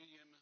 union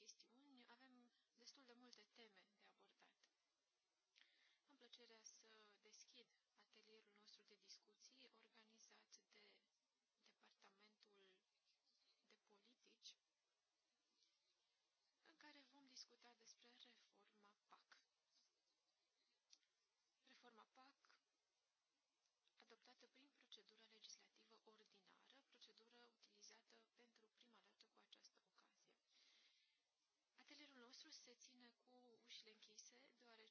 chestiuni, avem destul de multe teme de abordat. Am plăcerea să deschid atelierul nostru de discuții organizat Procesul se ține cu ușile închise, doar.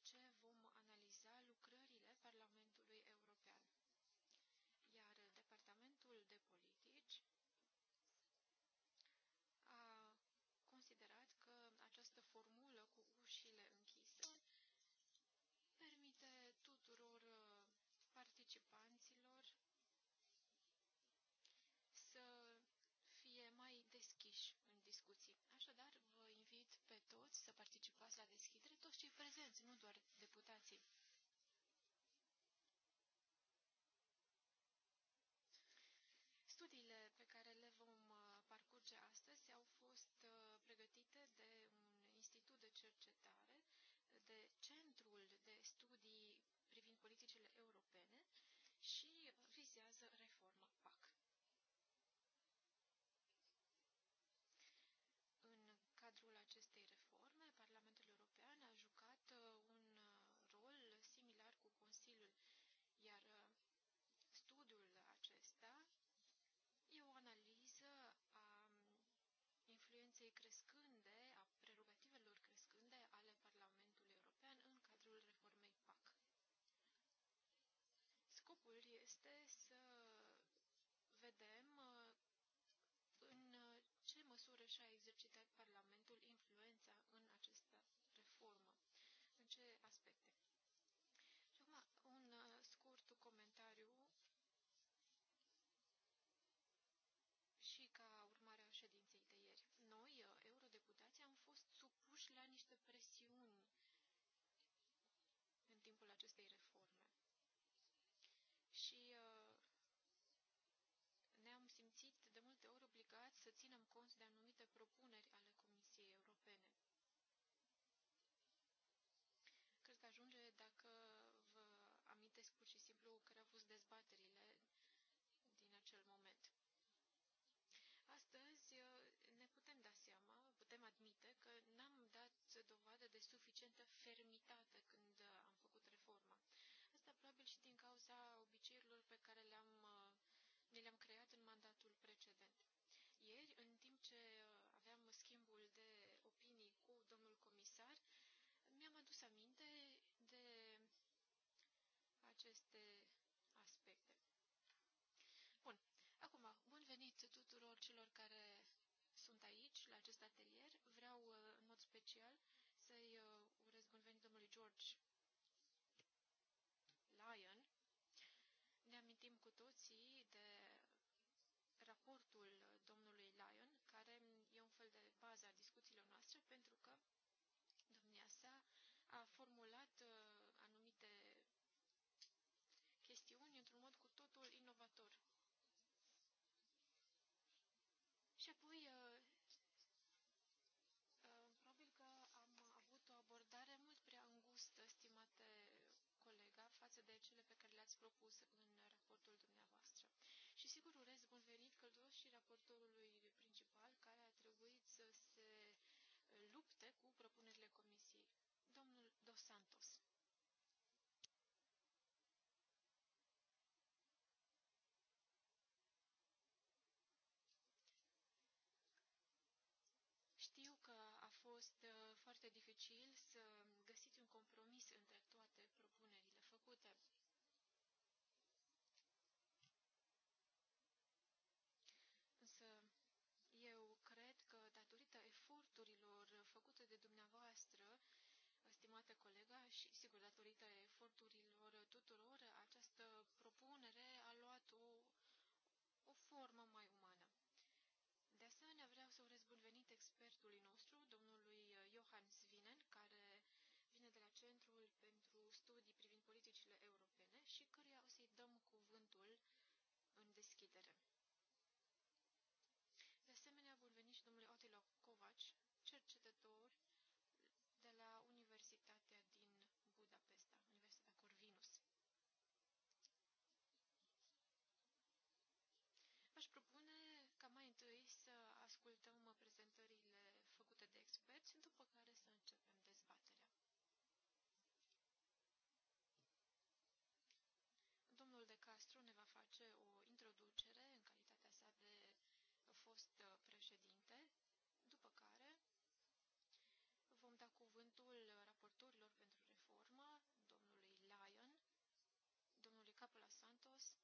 participați la deschidere toți cei prezenți, nu doar deputații. Studiile pe care le vom uh, parcurge astăzi au fost uh, pregătite de un institut de cercetare, de Centrul de Studii privind politicile europene și vizează reforma PAC. propuneri ale Comisiei Europene. Cred că ajunge dacă vă amintesc pur și simplu care au fost dezbaterile din acel moment. Astăzi uh, ne putem da seama, putem admite că n-am dat dovadă de suficientă fermitate când am făcut reforma. Asta probabil și din cauza obiceiurilor pe care le-am, uh, ne le-am creat comisar, mi-am adus aminte de aceste aspecte. Bun. Acum, bun venit tuturor celor care sunt aici, la acest atelier. Vreau, uh, în mod special, să-i uh, urez bun venit domnului George Lyon. Ne amintim cu toții de raportul domnului Lyon, care e un fel de bază a discuției de cele pe care le-ați propus în raportul dumneavoastră. Și sigur urez bun venit călduros și raportorului principal care a trebuit să se lupte cu propunerile comisiei, domnul Dos Santos. Știu că a fost uh, foarte dificil să găsiți un compromis între stimate colega, și sigur, datorită eforturilor tuturor, această propunere a luat o, o formă mai umană. De asemenea, vreau să urez bun venit expertului nostru, domnului Johann Svinen, care vine de la Centrul pentru Studii privind politicile europene și căruia o să-i dăm cuvântul Capula Santos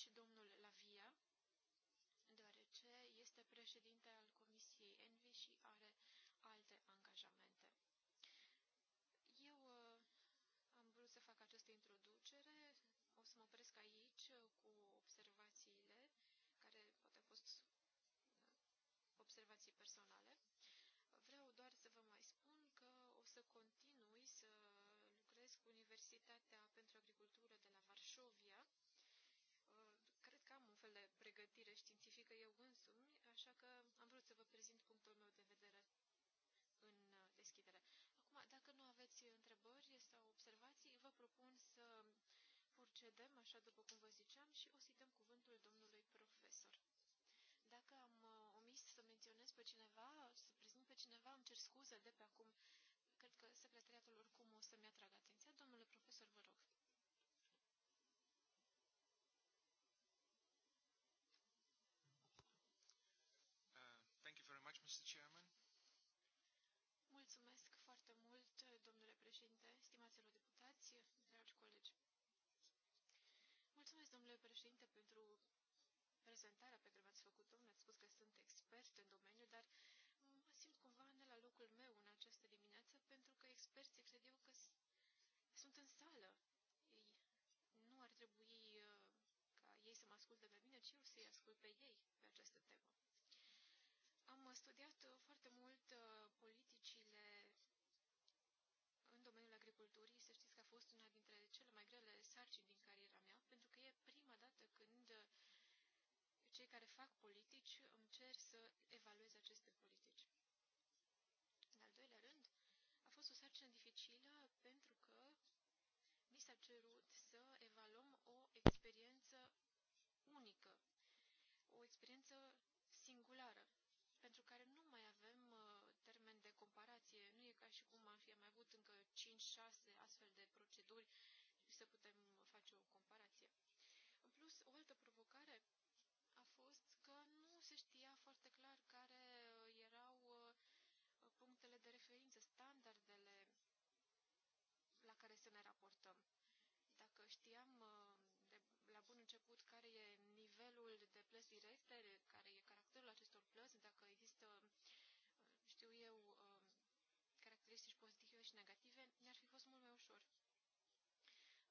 aici domnul Lavia, deoarece este președinte al Comisiei Envi și are alte angajamente. Eu uh, am vrut să fac această introducere, o să mă opresc aici uh, cu observațiile, care poate au fost uh, observații personale. Vreau doar să vă mai spun că o să continui să lucrez cu Universitatea pentru Agricultură de la Varșovia, pregătire științifică eu însumi, așa că am vrut să vă prezint punctul meu de vedere în uh, deschidere. Acum, dacă nu aveți întrebări sau observații, vă propun să procedăm, așa după cum vă ziceam, și o să-i dăm cuvântul domnului profesor. Dacă am uh, omis să menționez pe cineva, să prezint pe cineva, îmi cer scuze de pe acum. Cred că secretariatul oricum o să-mi atragă atenția. Domnule profesor, vă rog. președinte, stimaților deputați, dragi colegi. Mulțumesc, domnule președinte, pentru prezentarea pe care mi-ați făcut-o. Mi-ați spus că sunt expert în domeniu, dar mă simt cumva ne la locul meu în această dimineață, pentru că experții cred eu că sunt în sală. Ei nu ar trebui uh, ca ei să mă asculte pe mine, ci eu să-i ascult pe ei pe această temă. Am studiat uh, foarte mult uh, politicile care fac politici îmi cer să evaluez aceste politici. În al doilea rând, a fost o sarcină dificilă pentru că mi s-a cerut să evaluăm o experiență unică, o experiență singulară, pentru care nu mai avem uh, termen de comparație. Nu e ca și cum am fi mai avut încă 5-6 astfel de proceduri să putem face o comparație. În plus, o altă provocare știam uh, de la bun început care e nivelul de plăți directe, care e caracterul acestor plăți, dacă există, uh, știu eu, uh, caracteristici pozitive și negative, mi-ar fi fost mult mai ușor.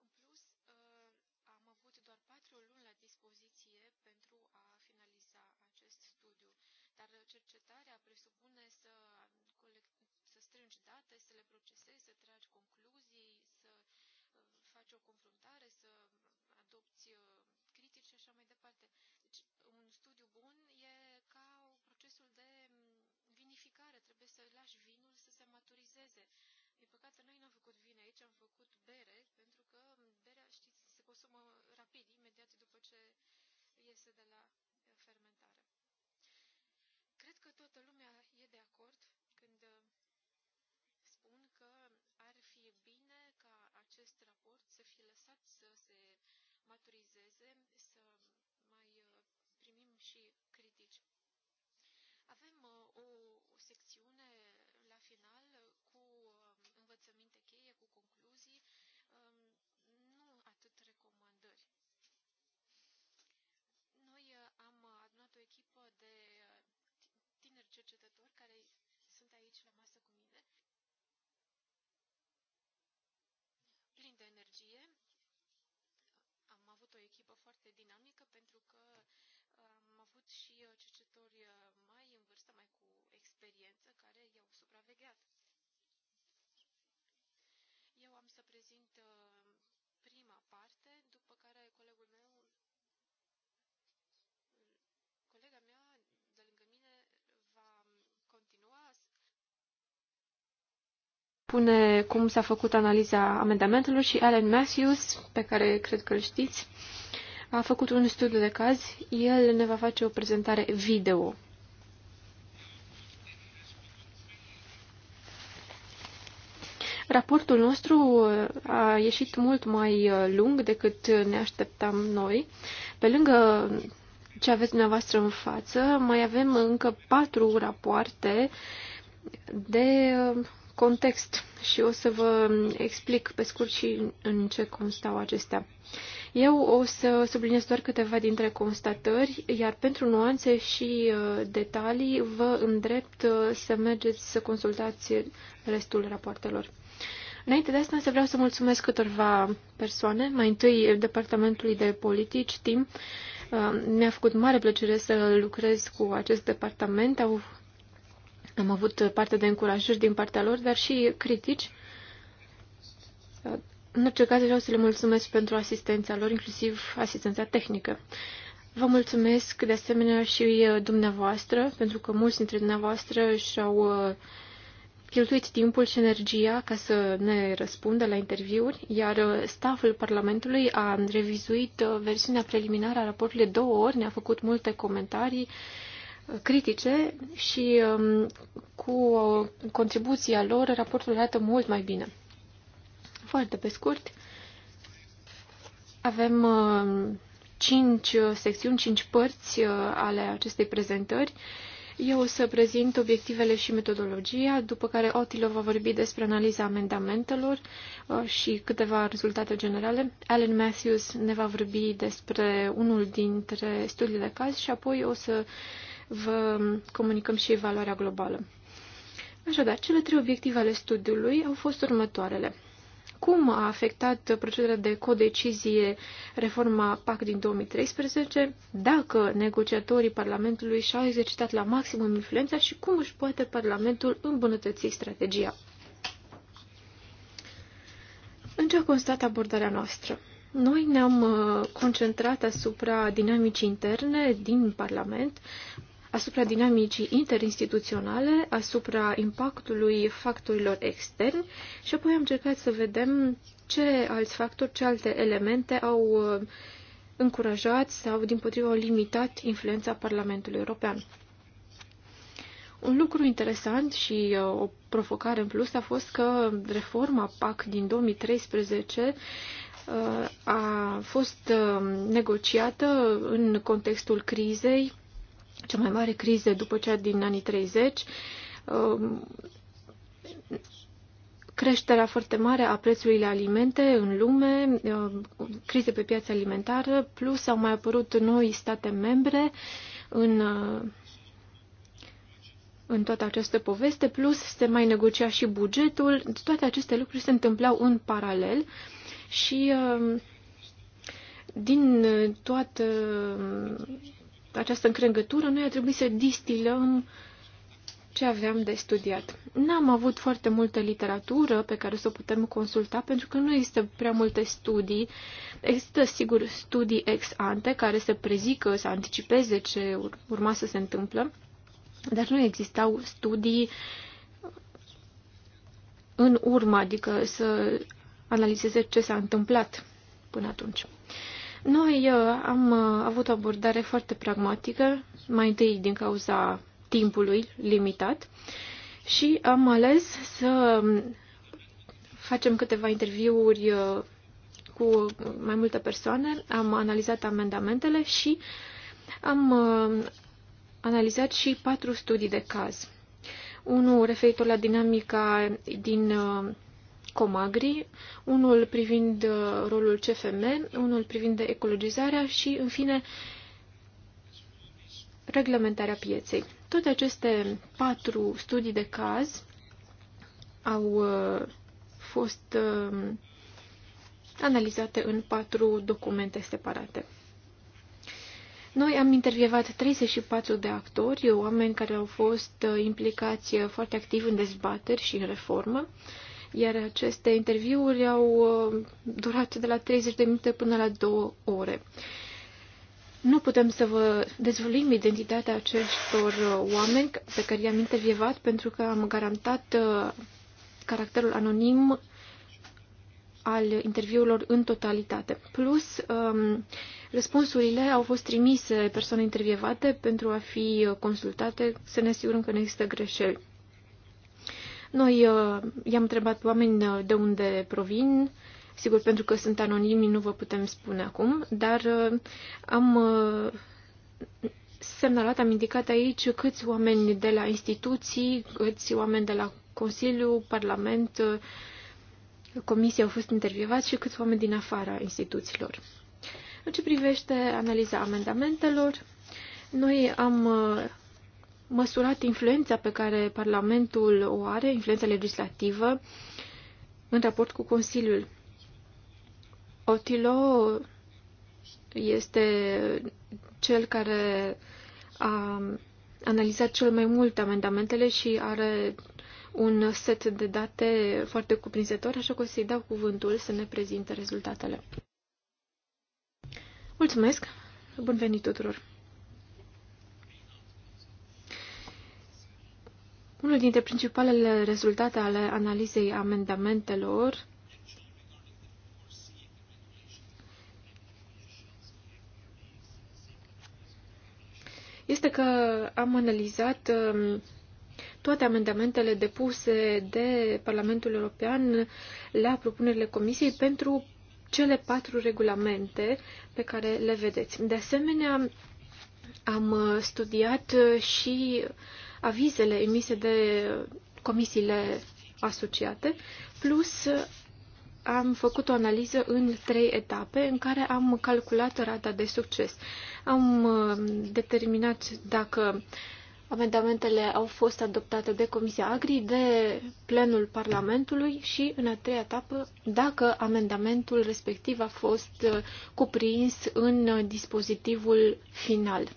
În plus, am avut doar patru luni la dispoziție pentru a finaliza acest studiu, dar cercetarea presupune să, să strângi date, să le procesezi, să tragi concluzii, faci o confruntare, să adopți uh, critici și așa mai departe. Deci, un studiu bun e ca procesul de mm, vinificare, trebuie să lași vinul să se maturizeze. Din păcate, noi n-am făcut vin aici, am făcut bere, pentru că mm, berea, știți, se consumă rapid, imediat după ce iese de la fermentare. Cred că toată lumea e de acord maturizeze, să mai uh, primim și critici. Avem uh, o, secțiune la final cu um, învățăminte cheie, cu concluzii, um, nu atât recomandări. Noi uh, am adunat o echipă de tineri cercetători care sunt aici la masă cu mine, plini de energie, etapă foarte dinamică pentru că am avut și uh, cercetori uh, mai în vârstă, mai cu experiență, care i-au supravegheat. Eu am să prezint uh, prima parte, după care colegul meu Pune cum s-a făcut analiza amendamentelor și Alan Matthews, pe care cred că îl știți, a făcut un studiu de caz. El ne va face o prezentare video. Raportul nostru uh, a ieșit mult mai uh, lung decât ne așteptam noi. Pe lângă ce aveți dumneavoastră în față, mai avem încă patru rapoarte de uh, context și o să vă explic pe scurt și în ce constau acestea. Eu o să subliniez doar câteva dintre constatări, iar pentru nuanțe și uh, detalii vă îndrept uh, să mergeți să consultați restul rapoartelor. Înainte de asta, să vreau să mulțumesc câtorva persoane, mai întâi Departamentului de Politici, timp. Uh, mi-a făcut mare plăcere să lucrez cu acest departament. Au, am avut parte de încurajări din partea lor, dar și critici. În orice caz, vreau să le mulțumesc pentru asistența lor, inclusiv asistența tehnică. Vă mulțumesc de asemenea și uh, dumneavoastră, pentru că mulți dintre dumneavoastră și-au uh, cheltuit timpul și energia ca să ne răspundă la interviuri, iar uh, stafful Parlamentului a revizuit versiunea preliminară a raportului două ori, ne-a făcut multe comentarii critice și um, cu contribuția lor raportul arată mult mai bine. Foarte pe scurt, avem uh, cinci uh, secțiuni, cinci părți uh, ale acestei prezentări. Eu o să prezint obiectivele și metodologia, după care Otilo va vorbi despre analiza amendamentelor și câteva rezultate generale. Alan Matthews ne va vorbi despre unul dintre studiile de caz și apoi o să vă comunicăm și evaluarea globală. Așadar, cele trei obiective ale studiului au fost următoarele. Cum a afectat procedura de codecizie reforma PAC din 2013? Dacă negociatorii Parlamentului și-au exercitat la maximum influența și cum își poate Parlamentul îmbunătăți strategia? În ce a constat abordarea noastră? Noi ne-am uh, concentrat asupra dinamicii interne din Parlament, asupra dinamicii interinstituționale, asupra impactului factorilor externi și apoi am încercat să vedem ce alți factori, ce alte elemente au uh, încurajat sau, din potrivă, au limitat influența Parlamentului European. Un lucru interesant și uh, o provocare în plus a fost că reforma PAC din 2013 uh, a fost negociată în contextul crizei cea mai mare criză după cea din anii 30, um, creșterea foarte mare a prețului la alimente în lume, um, crize pe piața alimentară, plus au mai apărut noi state membre în, uh, în toată această poveste, plus se mai negocia și bugetul. Toate aceste lucruri se întâmplau în paralel și um, din toată această încrângătură, noi a trebuit să distilăm ce aveam de studiat. N-am avut foarte multă literatură pe care să o putem consulta, pentru că nu există prea multe studii. Există, sigur, studii ex ante care să prezică, să anticipeze ce urma să se întâmplă, dar nu existau studii în urmă, adică să analizeze ce s-a întâmplat până atunci. Uh, noi uh, am uh, avut o abordare foarte pragmatică, mai întâi din cauza timpului limitat și am ales să um, facem câteva interviuri uh, cu mai multe persoane, am analizat amendamentele și am analizat și patru studii de caz. Unul referitor la dinamica din Comagri, unul privind uh, rolul CFM, unul privind ecologizarea și, în fine, reglementarea pieței. Toate aceste patru studii de caz au uh, fost uh, analizate în patru documente separate. Noi am intervievat 34 de actori, oameni care au fost implicați foarte activ în dezbateri și în reformă iar aceste interviuri au uh, durat de la 30 de minute până la 2 ore. Nu putem să vă dezvălim identitatea acestor uh, oameni pe care i-am intervievat pentru că am garantat uh, caracterul anonim al interviurilor în totalitate. Plus, um, răspunsurile au fost trimise persoane intervievate pentru a fi consultate, să ne asigurăm că nu există greșeli. Noi uh, i-am întrebat oameni uh, de unde provin, sigur pentru că sunt anonimi nu vă putem spune acum, dar uh, am uh, semnalat, am indicat aici câți oameni de la instituții, câți oameni de la Consiliu, Parlament, uh, Comisie au fost intervievați și câți oameni din afara instituțiilor. În ce privește analiza amendamentelor, noi am uh, măsurat influența pe care Parlamentul o are, influența legislativă, în raport cu Consiliul. Otilo este cel care a analizat cel mai mult amendamentele și are un set de date foarte cuprinzător, așa că o să-i dau cuvântul să ne prezinte rezultatele. Mulțumesc! Bun venit tuturor! Unul dintre principalele rezultate ale analizei amendamentelor este că am analizat um, toate amendamentele depuse de Parlamentul European la propunerile Comisiei pentru cele patru regulamente pe care le vedeți. De asemenea, am uh, studiat și uh, avizele emise de comisiile asociate, plus am făcut o analiză în trei etape în care am calculat rata de succes. Am uh, determinat dacă amendamentele au fost adoptate de Comisia Agri, de plenul Parlamentului și, în a treia etapă, dacă amendamentul respectiv a fost uh, cuprins în uh, dispozitivul final.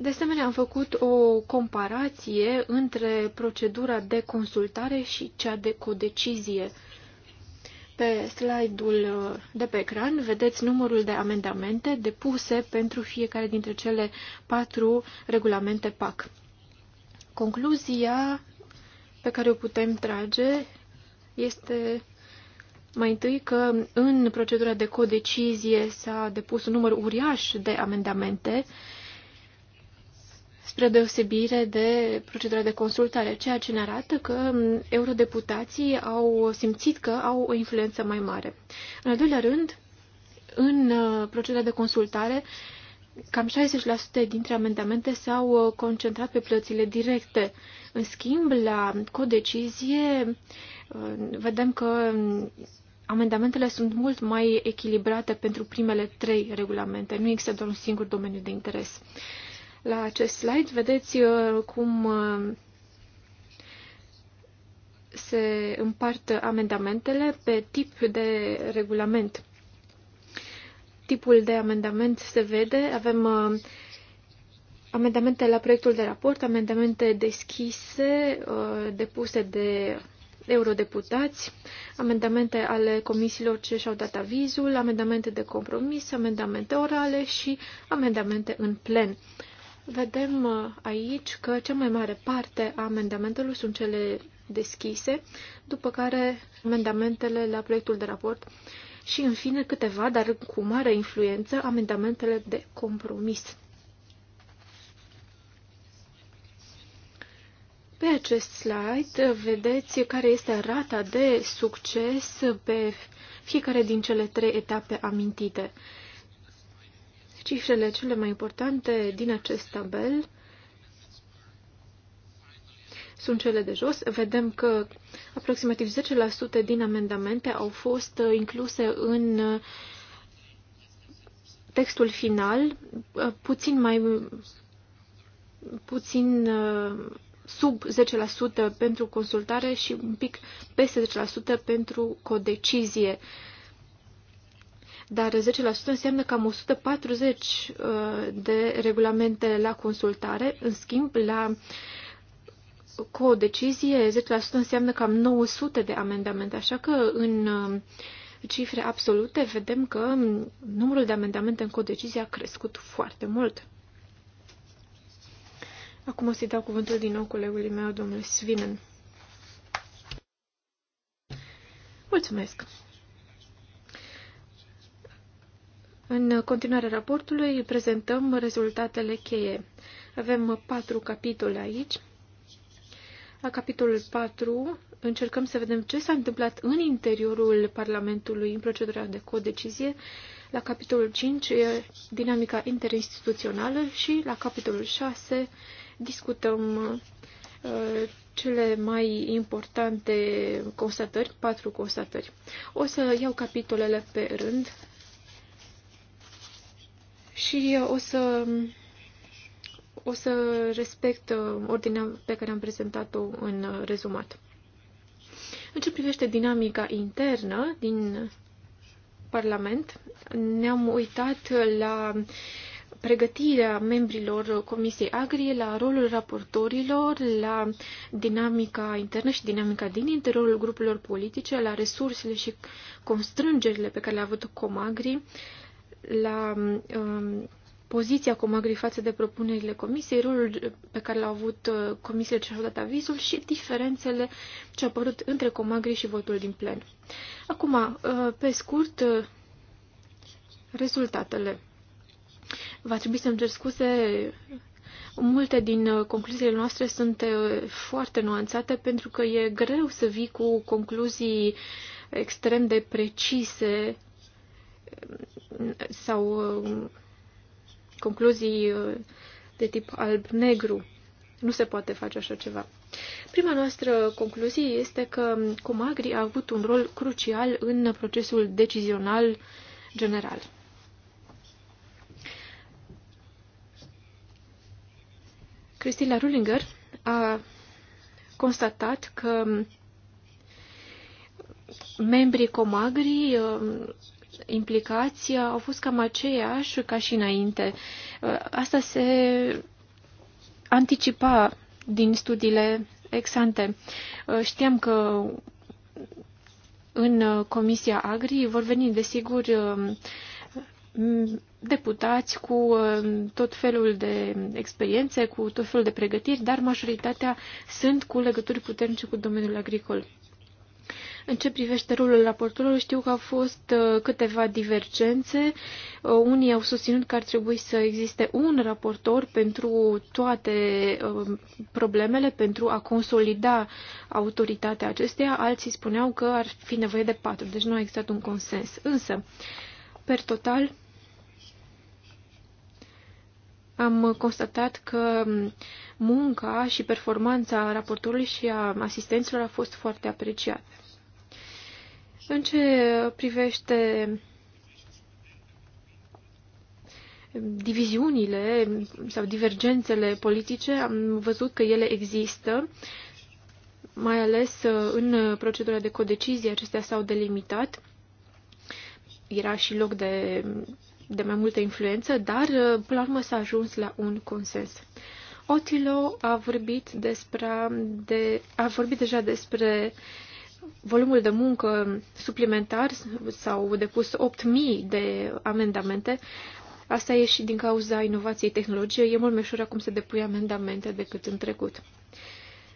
De asemenea, am făcut o comparație între procedura de consultare și cea de codecizie. Pe slide-ul de pe ecran vedeți numărul de amendamente depuse pentru fiecare dintre cele patru regulamente PAC. Concluzia pe care o putem trage este mai întâi că în procedura de codecizie s-a depus un număr uriaș de amendamente, spre deosebire de procedura de consultare, ceea ce ne arată că eurodeputații au simțit că au o influență mai mare. În al doilea rând, în uh, procedura de consultare, cam 60% dintre amendamente s-au uh, concentrat pe plățile directe. În schimb, la codecizie, uh, vedem că um, amendamentele sunt mult mai echilibrate pentru primele trei regulamente. Nu există doar un singur domeniu de interes. La acest slide vedeți uh, cum uh, se împart amendamentele pe tip de regulament. Tipul de amendament se vede. Avem uh, amendamente la proiectul de raport, amendamente deschise, depuse de eurodeputați, amendamente ale comisiilor ce și-au dat avizul, amendamente de compromis, amendamente orale și amendamente în plen vedem uh, aici că cea mai mare parte a amendamentelor sunt cele deschise, după care amendamentele la proiectul de raport și, în fine, câteva, dar cu mare influență, amendamentele de compromis. Pe acest slide uh, vedeți care este rata de succes pe fiecare din cele trei etape amintite. Cifrele cele mai importante din acest tabel sunt cele de jos. Vedem că aproximativ 10% din amendamente au fost uh, incluse în uh, textul final, uh, puțin mai puțin sub 10% pentru consultare și un pic peste 10% pentru codecizie. decizie dar 10% înseamnă cam 140 uh, de regulamente la consultare. În schimb, la co decizie, 10% înseamnă cam 900 de amendamente, așa că în uh, cifre absolute vedem că numărul de amendamente în codecizie a crescut foarte mult. Acum o să-i dau cuvântul din nou colegului meu, domnul Svinen. Mulțumesc! În continuarea raportului prezentăm rezultatele cheie. Avem patru capitole aici. La capitolul 4 încercăm să vedem ce s-a întâmplat în interiorul Parlamentului în procedura de codecizie, la capitolul 5 dinamica interinstituțională și la capitolul 6 discutăm uh, cele mai importante constatări, patru constatări. O să iau capitolele pe rând și o să, o să respect uh, ordinea pe care am prezentat-o în uh, rezumat. În ce privește dinamica internă din Parlament, ne-am uitat la pregătirea membrilor Comisiei Agri, la rolul raportorilor, la dinamica internă și dinamica din interiorul grupurilor politice, la resursele și constrângerile pe care le-a avut Comagri, la um, poziția Comagri față de propunerile comisiei, rolul pe care l-au avut uh, comisiile ce au dat avizul și diferențele ce au apărut între Comagri și votul din plen. Acum, uh, pe scurt, uh, rezultatele. Va trebui să-mi cer scuze, multe din concluziile noastre sunt foarte nuanțate pentru că e greu să vii cu concluzii extrem de precise sau uh, concluzii uh, de tip alb-negru. Nu se poate face așa ceva. Prima noastră concluzie este că Comagri a avut un rol crucial în procesul decizional general. Cristina Rullinger a constatat că membrii Comagri uh, implicați au fost cam aceiași ca și înainte. Uh, asta se anticipa din studiile exante. Uh, știam că în Comisia Agri vor veni, desigur, um, deputați cu um, tot felul de experiențe, cu tot felul de pregătiri, dar majoritatea sunt cu legături puternice cu domeniul agricol. În ce privește rolul raportorilor, știu că au fost uh, câteva divergențe. Uh, unii au susținut că ar trebui să existe un raportor pentru toate uh, problemele, pentru a consolida autoritatea acesteia. Alții spuneau că ar fi nevoie de patru, deci nu a existat un consens. Însă, per total, am constatat că um, munca și performanța raportorului și a asistenților a fost foarte apreciată. În ce privește diviziunile sau divergențele politice, am văzut că ele există, mai ales uh, în procedura de codecizie, acestea s-au delimitat. Era și loc de, de mai multă influență, dar uh, până la urmă s-a ajuns la un consens. Otilo a vorbit, despre, de, a vorbit deja despre volumul de muncă suplimentar, s-au depus 8.000 de amendamente. Asta e și din cauza inovației tehnologie. e mult mai ușor acum să depui amendamente decât în trecut.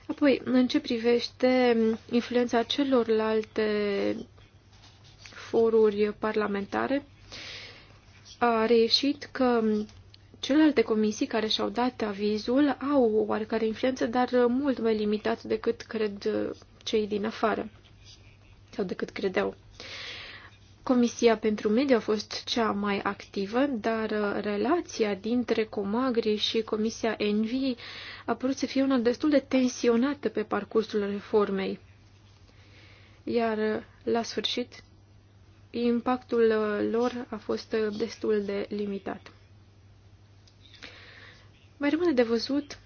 Apoi, în ce privește influența celorlalte foruri parlamentare, a reieșit că celelalte comisii care și-au dat avizul au o oarecare influență, dar mult mai limitat decât cred cei din afară sau decât credeau. Comisia pentru Mediu a fost cea mai activă, dar uh, relația dintre Comagri și Comisia Envi a părut să fie una destul de tensionată pe parcursul reformei. Iar uh, la sfârșit, impactul uh, lor a fost destul de limitat. Mai rămâne de văzut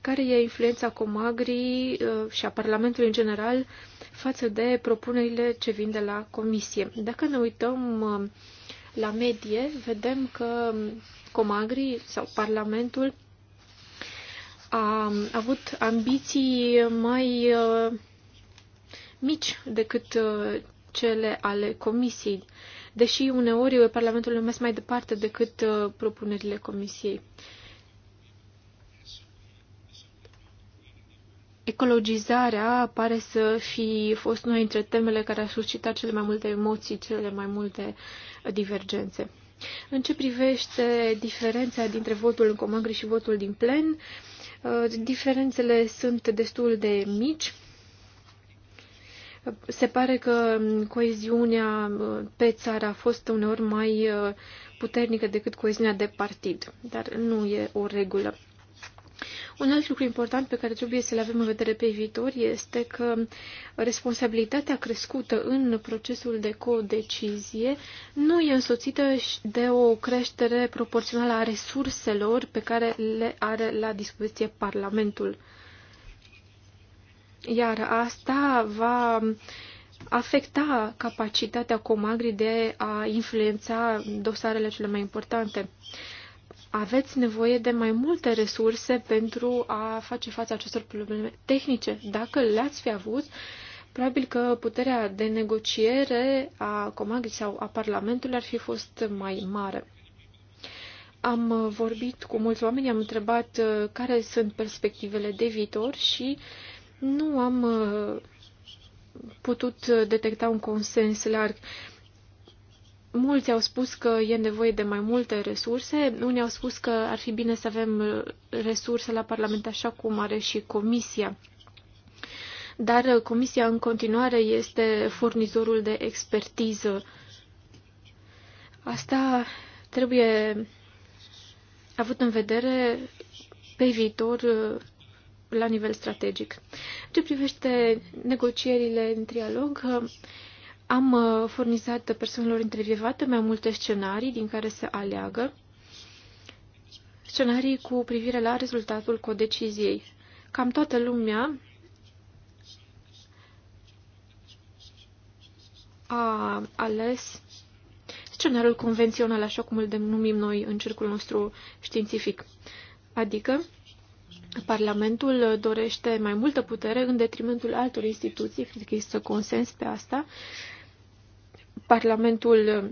care e influența Comagri uh, și a Parlamentului în general față de propunerile ce vin de la Comisie. Dacă ne uităm uh, la medie, vedem că Comagri sau Parlamentul a avut ambiții mai uh, mici decât cele ale Comisiei, deși uneori Parlamentul a mers mai departe decât propunerile Comisiei. Ecologizarea pare să fi fost una dintre temele care a suscitat cele mai multe emoții, cele mai multe divergențe. În ce privește diferența dintre votul în comangri și votul din plen, uh, diferențele sunt destul de mici. Se pare că coeziunea uh, pe țară a fost uneori mai uh, puternică decât coeziunea de partid, dar nu e o regulă. Un alt lucru important pe care trebuie să-l avem în vedere pe viitor este că responsabilitatea crescută în procesul de codecizie nu e însoțită de o creștere proporțională a resurselor pe care le are la dispoziție Parlamentul. Iar asta va afecta capacitatea Comagri de a influența dosarele cele mai importante aveți nevoie de mai multe resurse pentru a face față acestor probleme tehnice. Dacă le-ați fi avut, probabil că puterea de negociere a Comagrii sau a Parlamentului ar fi fost mai mare. Am vorbit cu mulți oameni, am întrebat uh, care sunt perspectivele de viitor și nu am uh, putut detecta un consens larg. Mulți au spus că e nevoie de mai multe resurse, unii au spus că ar fi bine să avem resurse la Parlament așa cum are și Comisia. Dar Comisia în continuare este furnizorul de expertiză. Asta trebuie avut în vedere pe viitor la nivel strategic. Ce privește negocierile în trialog, am uh, furnizat persoanelor intervievate mai multe scenarii din care se aleagă, scenarii cu privire la rezultatul codeciziei. Cam toată lumea a ales scenariul convențional, așa cum îl denumim noi în cercul nostru științific. Adică, Parlamentul dorește mai multă putere în detrimentul altor instituții, cred că există consens pe asta, Parlamentul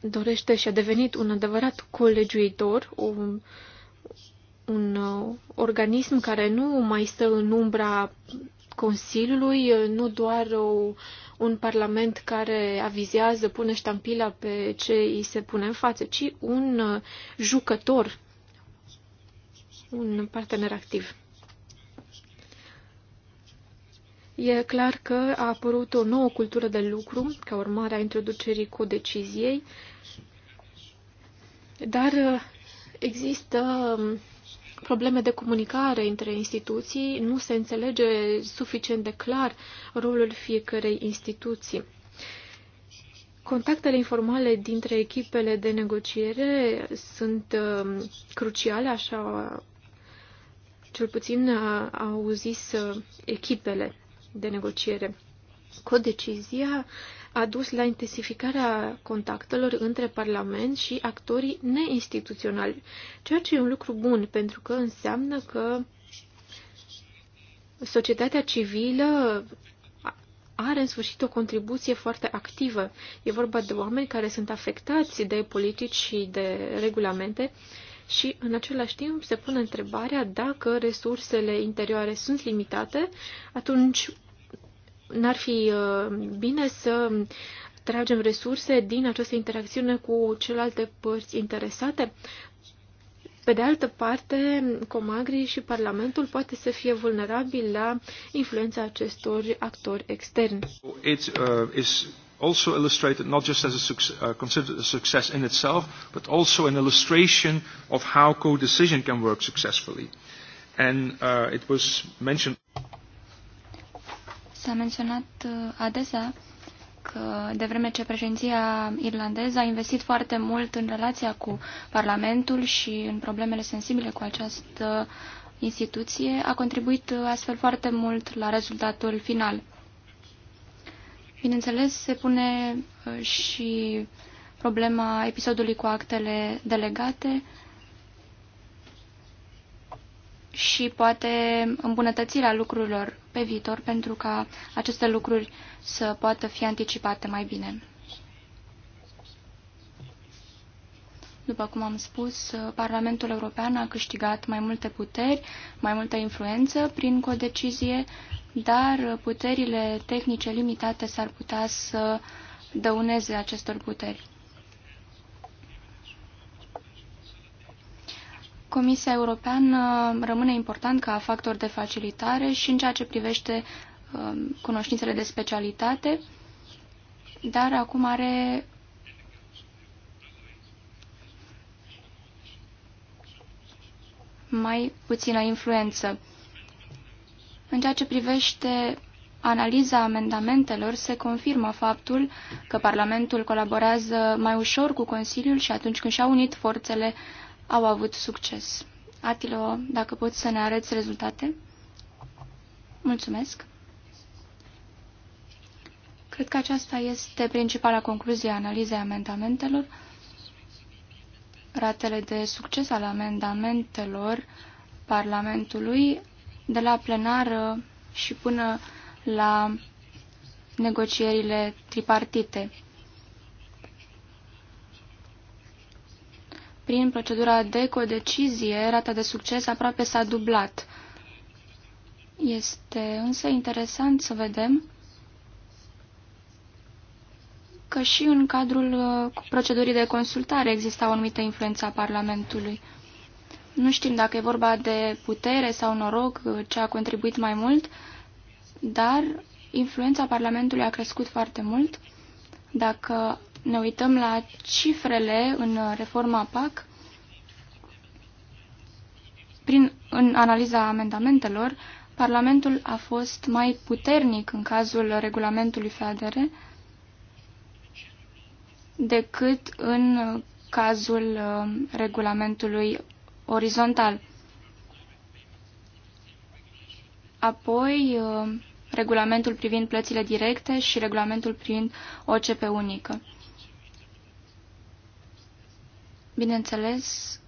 dorește și a devenit un adevărat colegiuitor, un, un uh, organism care nu mai stă în umbra Consiliului, nu doar o, un parlament care avizează, pune ștampila pe ce îi se pune în față, ci un uh, jucător, un partener activ. E clar că a apărut o nouă cultură de lucru ca urmare a introducerii codeciziei, dar uh, există um, probleme de comunicare între instituții, nu se înțelege suficient de clar rolul fiecărei instituții. Contactele informale dintre echipele de negociere sunt um, cruciale, așa cel puțin uh, au zis uh, echipele de negociere. Codecizia a dus la intensificarea contactelor între Parlament și actorii neinstituționali, ceea ce e un lucru bun, pentru că înseamnă că societatea civilă are în sfârșit o contribuție foarte activă. E vorba de oameni care sunt afectați de politici și de regulamente și în același timp se pune întrebarea dacă resursele interioare sunt limitate, atunci n-ar fi uh, bine să tragem resurse din această interacțiune cu celelalte părți interesate? Pe de altă parte, Comagri și Parlamentul poate să fie vulnerabil la influența acestor actori externi. It, uh, is also illustrated not just as a success, uh, considered a success in itself, but also an illustration of how co-decision can work successfully. And uh, it was mentioned S-a menționat uh, adesea că, de vreme ce președinția irlandeză a investit foarte mult în relația cu Parlamentul și în problemele sensibile cu această instituție, a contribuit uh, astfel foarte mult la rezultatul final. Bineînțeles, se pune uh, și problema episodului cu actele delegate, și poate îmbunătățirea lucrurilor pe viitor pentru ca aceste lucruri să poată fi anticipate mai bine. După cum am spus, Parlamentul European a câștigat mai multe puteri, mai multă influență prin codecizie, dar puterile tehnice limitate s-ar putea să dăuneze acestor puteri. Comisia Europeană rămâne important ca factor de facilitare și în ceea ce privește um, cunoștințele de specialitate, dar acum are mai puțină influență. În ceea ce privește analiza amendamentelor, se confirmă faptul că Parlamentul colaborează mai ușor cu Consiliul și atunci când și-a unit forțele au avut succes. Atilo, dacă poți să ne arăți rezultate. Mulțumesc. Cred că aceasta este principala concluzie a analizei amendamentelor. Ratele de succes ale amendamentelor Parlamentului de la plenară și până la negocierile tripartite. prin procedura de codecizie, rata de succes aproape s-a dublat. Este însă interesant să vedem că și în cadrul uh, procedurii de consultare exista o anumită influență a Parlamentului. Nu știm dacă e vorba de putere sau noroc, uh, ce a contribuit mai mult, dar influența Parlamentului a crescut foarte mult. Dacă ne uităm la cifrele în reforma PAC, prin, în analiza amendamentelor, Parlamentul a fost mai puternic în cazul regulamentului FADR decât în cazul uh, regulamentului orizontal. Apoi, uh, regulamentul privind plățile directe și regulamentul privind OCP unică. Bineînțeles,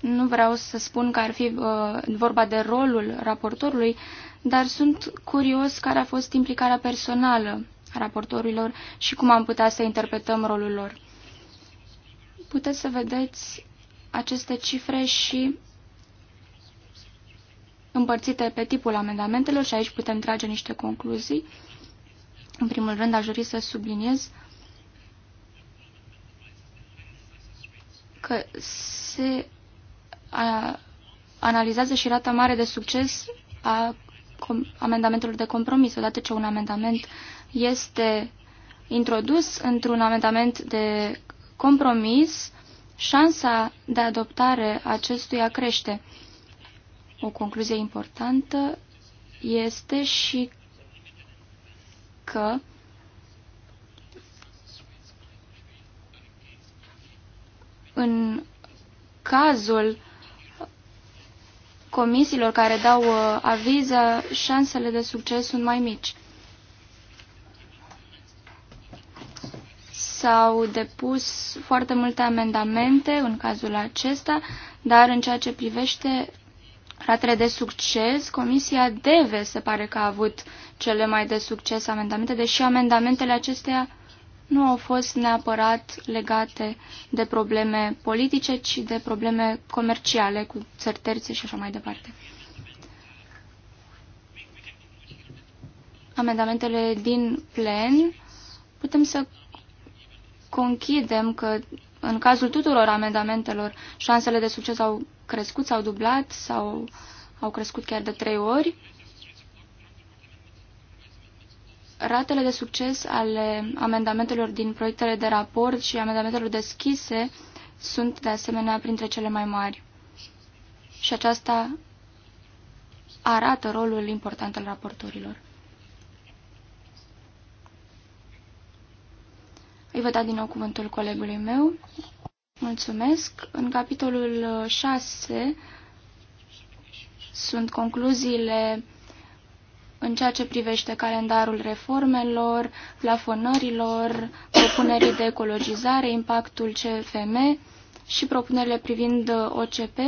nu vreau să spun că ar fi uh, vorba de rolul raportorului, dar sunt curios care a fost implicarea personală a raportorilor și cum am putea să interpretăm rolul lor. Puteți să vedeți aceste cifre și împărțite pe tipul amendamentelor și aici putem trage niște concluzii. În primul rând, aș dori să subliniez că se a, analizează și rata mare de succes a com, amendamentelor de compromis. Odată ce un amendament este introdus într-un amendament de compromis, șansa de adoptare acestuia crește. O concluzie importantă este și că în cazul comisiilor care dau uh, aviză, uh, șansele de succes sunt mai mici. S-au depus foarte multe amendamente în cazul acesta, dar în ceea ce privește ratele de succes, Comisia DEVE se pare că a avut cele mai de succes amendamente, deși amendamentele acestea nu au fost neapărat legate de probleme politice, ci de probleme comerciale cu țări terțe și așa mai departe. Amendamentele din plen putem să conchidem că în cazul tuturor amendamentelor șansele de succes au crescut, s-au dublat sau au crescut chiar de trei ori. ratele de succes ale amendamentelor din proiectele de raport și amendamentelor deschise sunt de asemenea printre cele mai mari. Și aceasta arată rolul important al raportorilor. Îi vă da din nou cuvântul colegului meu. Mulțumesc. În capitolul 6 sunt concluziile în ceea ce privește calendarul reformelor, plafonărilor, propunerii de ecologizare, impactul CFM și propunerile privind OCP.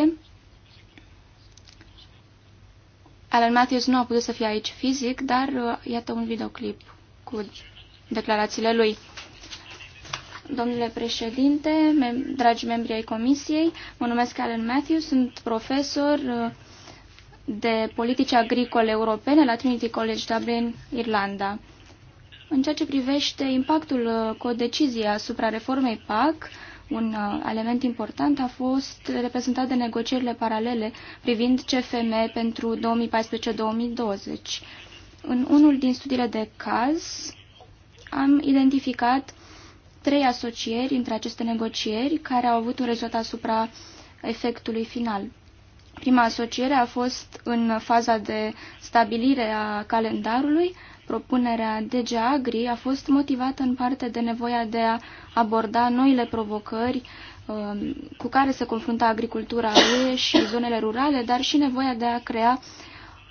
Alan Matthews nu a putut să fie aici fizic, dar uh, iată un videoclip cu declarațiile lui. Domnule președinte, mem dragi membri ai comisiei, mă numesc Alan Matthews, sunt profesor uh, de politici agricole europene la Trinity College Dublin, Irlanda. În ceea ce privește impactul uh, codeciziei asupra reformei PAC, un uh, element important a fost reprezentat de negocierile paralele privind CFM pentru 2014-2020. În unul din studiile de caz am identificat trei asocieri între aceste negocieri care au avut un rezultat asupra efectului final. Prima asociere a fost în faza de stabilire a calendarului. Propunerea DG Agri a fost motivată în parte de nevoia de a aborda noile provocări um, cu care se confrunta agricultura UE și zonele rurale, dar și nevoia de a crea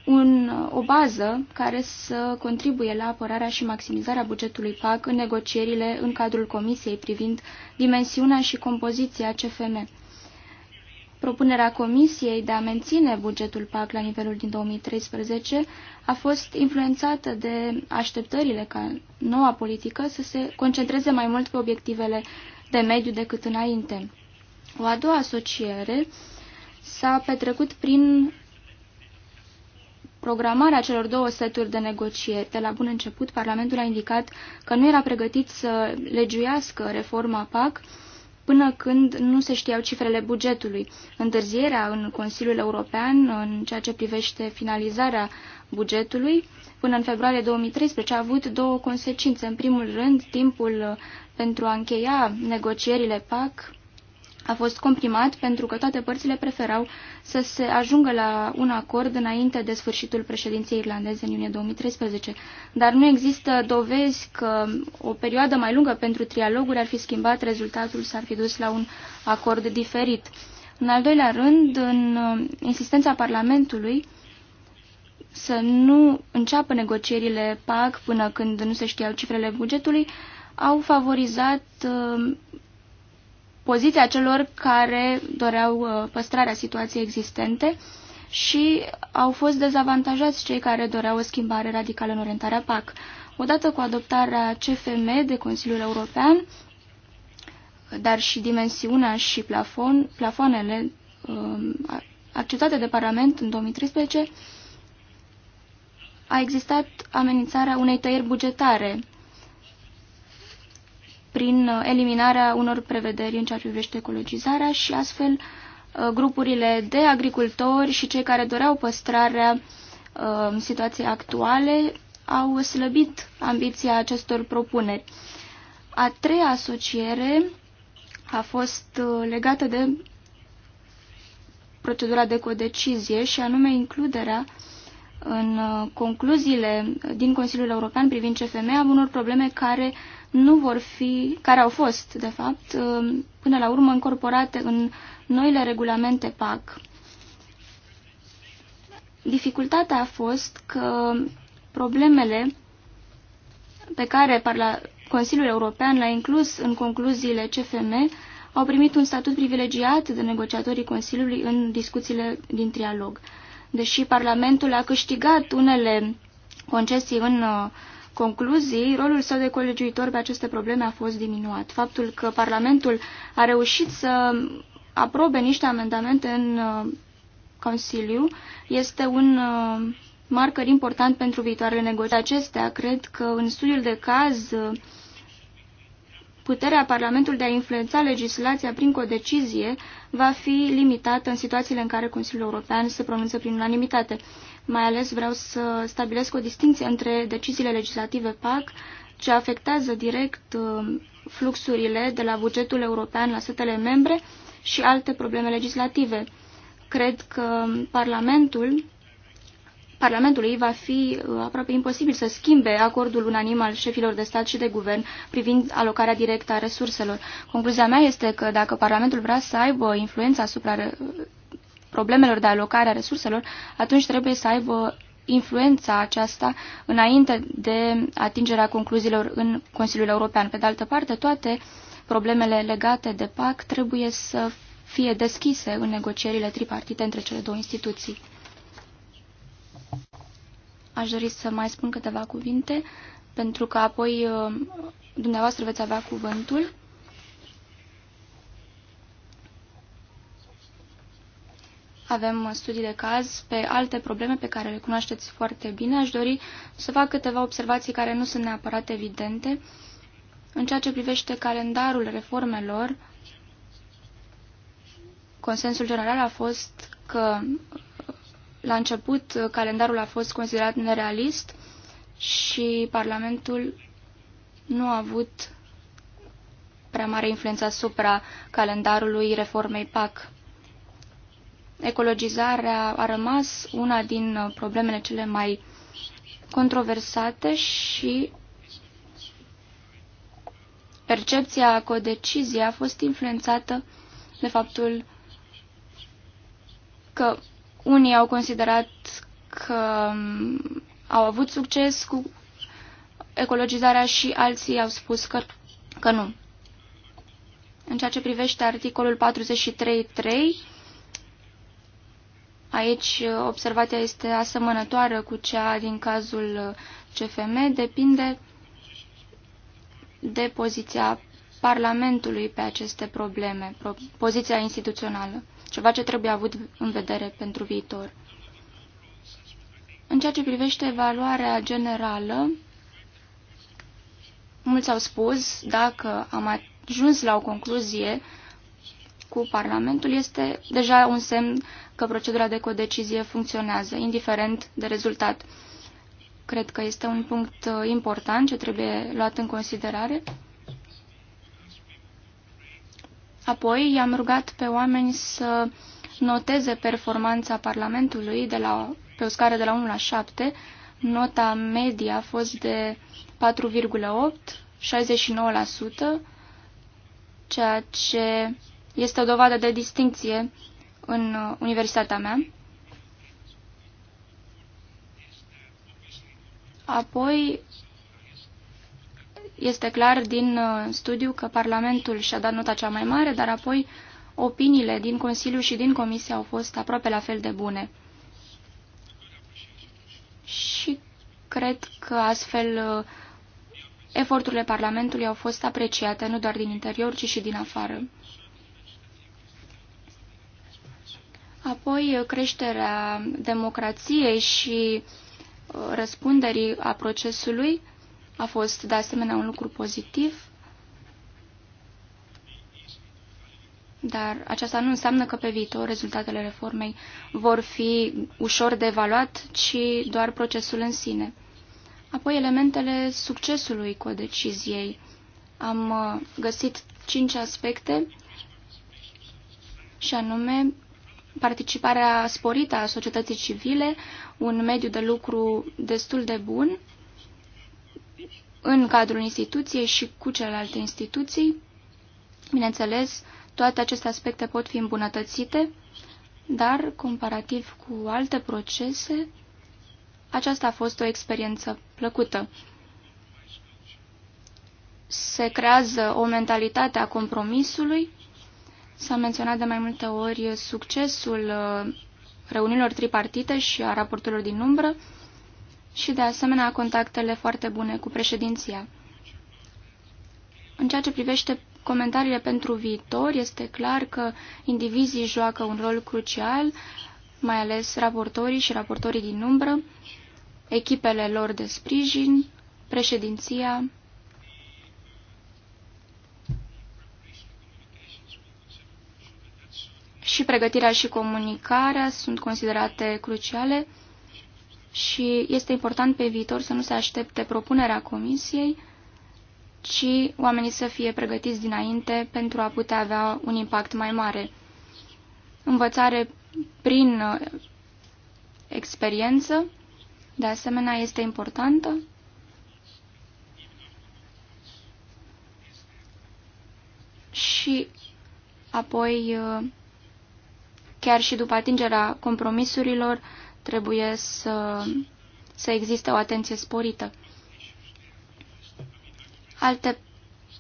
un, o bază care să contribuie la apărarea și maximizarea bugetului PAC în negocierile în cadrul Comisiei privind dimensiunea și compoziția CFM. Propunerea Comisiei de a menține bugetul PAC la nivelul din 2013 a fost influențată de așteptările ca noua politică să se concentreze mai mult pe obiectivele de mediu decât înainte. O a doua asociere s-a petrecut prin programarea celor două seturi de negocieri. De la bun început, Parlamentul a indicat că nu era pregătit să legiuiască reforma PAC, până când nu se știau cifrele bugetului. Întârzierea în Consiliul European în ceea ce privește finalizarea bugetului până în februarie 2013 a avut două consecințe. În primul rând, timpul pentru a încheia negocierile PAC a fost comprimat pentru că toate părțile preferau să se ajungă la un acord înainte de sfârșitul președinției irlandeze în iunie 2013. Dar nu există dovezi că o perioadă mai lungă pentru trialoguri ar fi schimbat rezultatul, s-ar fi dus la un acord diferit. În al doilea rând, în uh, insistența Parlamentului să nu înceapă negocierile PAC până când nu se știau cifrele bugetului, au favorizat uh, poziția celor care doreau uh, păstrarea situației existente și au fost dezavantajați cei care doreau o schimbare radicală în orientarea PAC. Odată cu adoptarea CFM de Consiliul European, dar și dimensiunea și plafon, plafoanele um, acceptate de Parlament în 2013, a existat amenințarea unei tăieri bugetare prin uh, eliminarea unor prevederi în ceea ce privește ecologizarea și astfel uh, grupurile de agricultori și cei care doreau păstrarea uh, situației actuale au slăbit ambiția acestor propuneri. A treia asociere a fost legată de procedura de codecizie și anume includerea uh, în uh, concluziile din Consiliul European privind CFM a unor probleme care nu vor fi, care au fost, de fapt, uh, până la urmă incorporate în noile regulamente PAC. Dificultatea a fost că problemele pe care parla Consiliul European l-a inclus în concluziile CFM au primit un statut privilegiat de negociatorii Consiliului în discuțiile din trialog. Deși Parlamentul a câștigat unele concesii în uh, concluzii, rolul său de colegiuitor pe aceste probleme a fost diminuat. Faptul că Parlamentul a reușit să aprobe niște amendamente în uh, Consiliu este un uh, marcări important pentru viitoarele negocieri. Acestea, cred că în studiul de caz puterea Parlamentului de a influența legislația prin o decizie va fi limitată în situațiile în care Consiliul European se pronunță prin unanimitate. Mai ales vreau să stabilesc o distinție între deciziile legislative PAC, ce afectează direct uh, fluxurile de la bugetul european la statele membre și alte probleme legislative. Cred că Parlamentul Parlamentului va fi uh, aproape imposibil să schimbe acordul unanim al șefilor de stat și de guvern privind alocarea directă a resurselor. Concluzia mea este că dacă Parlamentul vrea să aibă influența asupra uh, problemelor de alocare a resurselor, atunci trebuie să aibă influența aceasta înainte de atingerea concluziilor în Consiliul European. Pe de altă parte, toate problemele legate de PAC trebuie să fie deschise în negocierile tripartite între cele două instituții. Aș dori să mai spun câteva cuvinte, pentru că apoi uh, dumneavoastră veți avea cuvântul. Avem studii de caz pe alte probleme pe care le cunoașteți foarte bine. Aș dori să fac câteva observații care nu sunt neapărat evidente. În ceea ce privește calendarul reformelor, consensul general a fost că la început, calendarul a fost considerat nerealist și Parlamentul nu a avut prea mare influență asupra calendarului reformei PAC. Ecologizarea a rămas una din problemele cele mai controversate și percepția că o decizie a fost influențată de faptul că unii au considerat că um, au avut succes cu ecologizarea și alții au spus că, că nu. În ceea ce privește articolul 43.3, aici observația este asemănătoare cu cea din cazul CFM, depinde de poziția Parlamentului pe aceste probleme, poziția instituțională ceva ce trebuie avut în vedere pentru viitor. În ceea ce privește evaluarea generală, mulți au spus, dacă am ajuns la o concluzie cu Parlamentul, este deja un semn că procedura de codecizie funcționează, indiferent de rezultat. Cred că este un punct uh, important ce trebuie luat în considerare. Apoi i-am rugat pe oameni să noteze performanța Parlamentului de la, pe o scară de la 1 la 7. Nota medie a fost de 4,8, 69%, ceea ce este o dovadă de distinție în uh, universitatea mea. Apoi, este clar din uh, studiu că Parlamentul și-a dat nota cea mai mare, dar apoi opiniile din Consiliu și din Comisie au fost aproape la fel de bune. Și cred că astfel uh, eforturile Parlamentului au fost apreciate nu doar din interior, ci și din afară. Apoi uh, creșterea democrației și răspunderii a procesului a fost de asemenea un lucru pozitiv, dar aceasta nu înseamnă că pe viitor rezultatele reformei vor fi ușor de evaluat, ci doar procesul în sine. Apoi elementele succesului codeciziei. Am uh, găsit cinci aspecte și anume participarea sporită a societății civile, un mediu de lucru destul de bun, în cadrul instituției și cu celelalte instituții. Bineînțeles, toate aceste aspecte pot fi îmbunătățite, dar, comparativ cu alte procese, aceasta a fost o experiență plăcută. Se creează o mentalitate a compromisului. S-a menționat de mai multe ori succesul uh, reunilor tripartite și a raporturilor din umbră și, de asemenea, contactele foarte bune cu președinția. În ceea ce privește comentariile pentru viitor, este clar că indivizii joacă un rol crucial, mai ales raportorii și raportorii din umbră, echipele lor de sprijin, președinția. Și pregătirea și comunicarea sunt considerate cruciale și este important pe viitor să nu se aștepte propunerea comisiei, ci oamenii să fie pregătiți dinainte pentru a putea avea un impact mai mare. Învățare prin uh, experiență, de asemenea, este importantă. Și apoi, uh, chiar și după atingerea compromisurilor, trebuie să, să existe o atenție sporită. Alte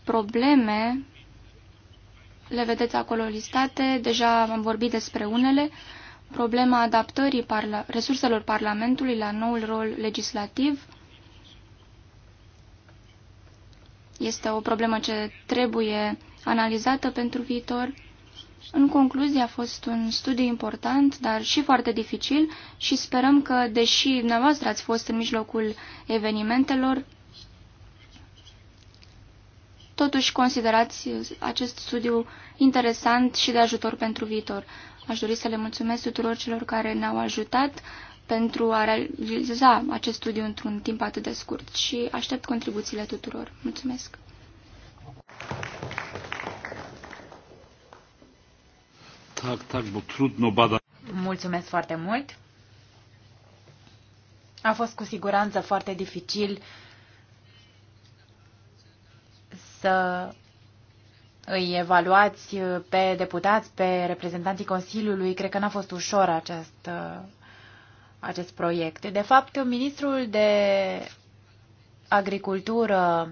probleme le vedeți acolo listate, deja am vorbit despre unele, problema adaptării parla resurselor Parlamentului la noul rol legislativ este o problemă ce trebuie analizată pentru viitor. În concluzie, a fost un studiu important, dar și foarte dificil și sperăm că, deși dumneavoastră ați fost în mijlocul evenimentelor, totuși considerați acest studiu interesant și de ajutor pentru viitor. Aș dori să le mulțumesc tuturor celor care ne-au ajutat pentru a realiza acest studiu într-un timp atât de scurt și aștept contribuțiile tuturor. Mulțumesc! tak, tak, bo trudno bada. Mulțumesc foarte mult. A fost cu siguranță foarte dificil să îi evaluați pe deputați, pe reprezentanții Consiliului. Cred că n-a fost ușor acest, acest proiect. De fapt, ministrul de agricultură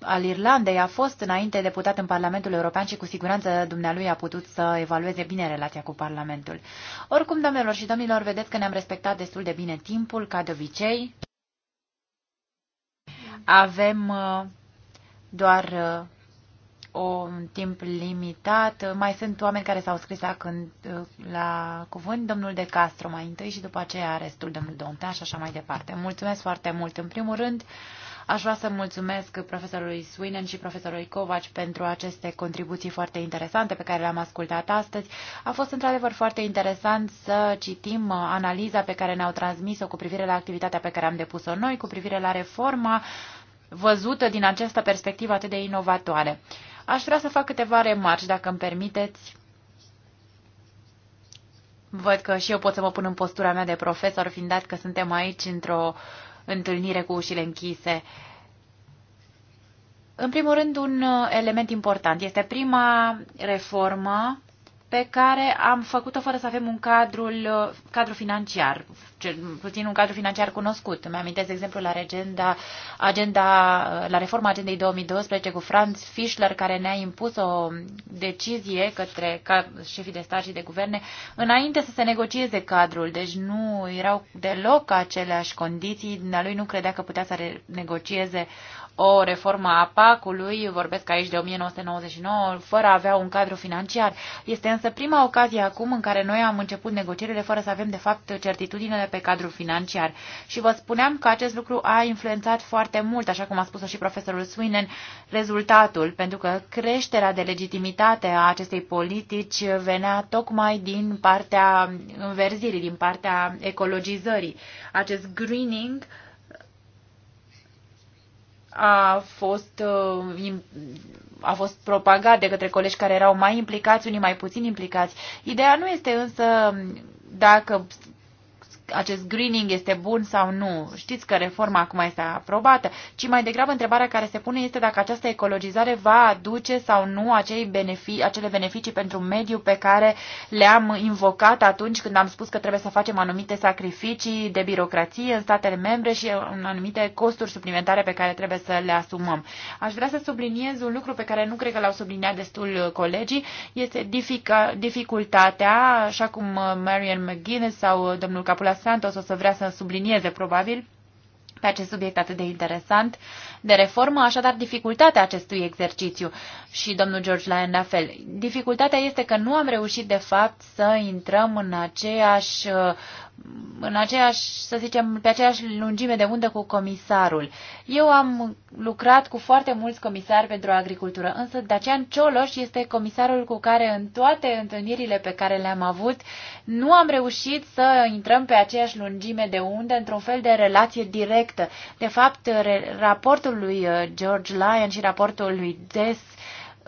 al Irlandei a fost înainte deputat în Parlamentul European și cu siguranță dumnealui a putut să evalueze bine relația cu Parlamentul. Oricum, domnilor și domnilor, vedeți că ne-am respectat destul de bine timpul, ca de obicei. Avem uh, doar uh, un timp limitat. Mai sunt oameni care s-au scris la, când, uh, la cuvânt, domnul De Castro mai întâi și după aceea restul, domnul Dontea și așa mai departe. Mulțumesc foarte mult. În primul rând, Aș vrea să mulțumesc profesorului Swinen și profesorului Covaci pentru aceste contribuții foarte interesante pe care le-am ascultat astăzi. A fost într-adevăr foarte interesant să citim analiza pe care ne-au transmis-o cu privire la activitatea pe care am depus-o noi, cu privire la reforma văzută din această perspectivă atât de inovatoare. Aș vrea să fac câteva remarci, dacă îmi permiteți. Văd că și eu pot să mă pun în postura mea de profesor, fiind dat că suntem aici într-o uh, întâlnire cu ușile închise. În primul rând, un uh, element important este prima reformă pe care am făcut-o fără să avem un cadrul, uh, cadru financiar, cel puțin un cadru financiar cunoscut. Îmi amintesc, de exemplu, la, agenda, agenda, uh, la reforma agendei 2012 cu Franz Fischler, care ne-a impus o decizie către ca șefii de stat și de guverne înainte să se negocieze cadrul. Deci nu erau deloc aceleași condiții. Lui nu credea că putea să negocieze o reformă a PAC-ului, vorbesc aici de 1999, fără a avea un cadru financiar. Este însă prima ocazie acum în care noi am început negocierile fără să avem, de fapt, certitudinele pe cadru financiar. Și vă spuneam că acest lucru a influențat foarte mult, așa cum a spus și profesorul Swinen, rezultatul, pentru că creșterea de legitimitate a acestei politici venea tocmai din partea înverzirii, din partea ecologizării. Acest greening uh, a fost, uh, a fost propagat de către colegi care erau mai implicați, unii mai puțin implicați. Ideea nu este însă dacă acest greening este bun sau nu. Știți că reforma acum este aprobată, ci mai degrabă întrebarea care se pune este dacă această ecologizare va aduce sau nu acei benefici, acele beneficii pentru mediu pe care le-am invocat atunci când am spus că trebuie să facem anumite sacrificii de birocrație în statele membre și în anumite costuri suplimentare pe care trebuie să le asumăm. Aș vrea să subliniez un lucru pe care nu cred că l-au subliniat destul colegii, este dificultatea, așa cum Marian McGuinness sau domnul Capula Santos o să vrea să sublinieze probabil pe acest subiect atât de interesant de reformă, așadar dificultatea acestui exercițiu și domnul George Lyon la fel. Dificultatea este că nu am reușit de fapt să intrăm în aceeași în aceeași, să zicem, pe aceeași lungime de undă cu comisarul. Eu am lucrat cu foarte mulți comisari pentru agricultură, însă Dacian Cioloș este comisarul cu care în toate întâlnirile pe care le-am avut nu am reușit să intrăm pe aceeași lungime de undă într-un fel de relație directă. De fapt, raportul lui uh, George Lyon și raportul lui Des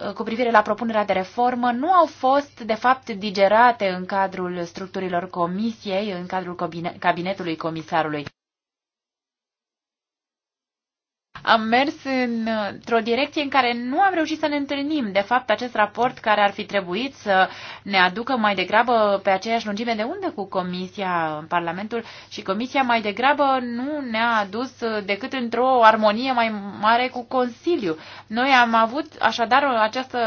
Uh, cu privire la propunerea de reformă nu au fost, de fapt, digerate în cadrul structurilor comisiei, în cadrul cabinetului comisarului am mers într-o direcție în care nu am reușit să ne întâlnim. De fapt, acest raport care ar fi trebuit să ne aducă mai degrabă pe aceeași lungime de unde cu Comisia în Parlamentul și Comisia mai degrabă nu ne-a adus decât într-o armonie mai mare cu Consiliu. Noi am avut așadar această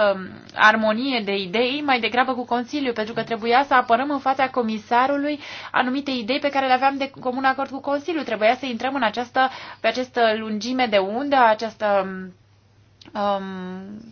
armonie de idei mai degrabă cu Consiliu, pentru că trebuia să apărăm în fața comisarului anumite idei pe care le aveam de comun acord cu Consiliu. Trebuia să intrăm în această, pe această lungime de unde această um,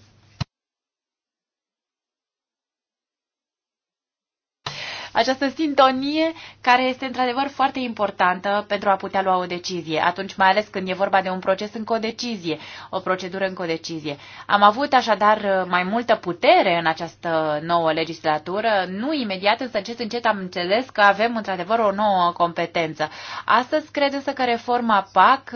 această sintonie care este într-adevăr foarte importantă pentru a putea lua o decizie, atunci mai ales când e vorba de un proces în codecizie, o procedură în codecizie. Am avut așadar mai multă putere în această nouă legislatură, nu imediat, însă încet încet am înțeles că avem într-adevăr o nouă competență. Astăzi cred însă că reforma PAC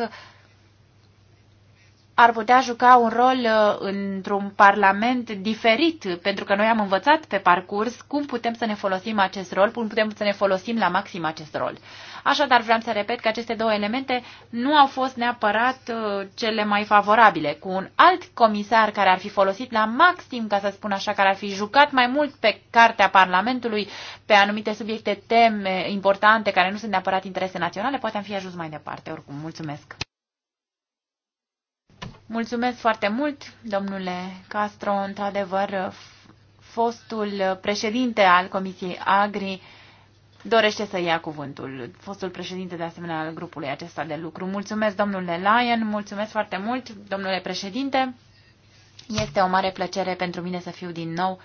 ar putea juca un rol uh, într-un parlament diferit, pentru că noi am învățat pe parcurs cum putem să ne folosim acest rol, cum putem să ne folosim la maxim acest rol. Așadar, vreau să repet că aceste două elemente nu au fost neapărat uh, cele mai favorabile. Cu un alt comisar care ar fi folosit la maxim, ca să spun așa, care ar fi jucat mai mult pe cartea Parlamentului, pe anumite subiecte, teme importante, care nu sunt neapărat interese naționale, poate am fi ajuns mai departe. Oricum, mulțumesc! Mulțumesc foarte mult, domnule Castro. Într-adevăr, fostul președinte al Comisiei Agri dorește să ia cuvântul. Fostul președinte, de asemenea, al grupului acesta de lucru. Mulțumesc, domnule Lyon, mulțumesc foarte mult, domnule președinte. Este o mare plăcere pentru mine să fiu din nou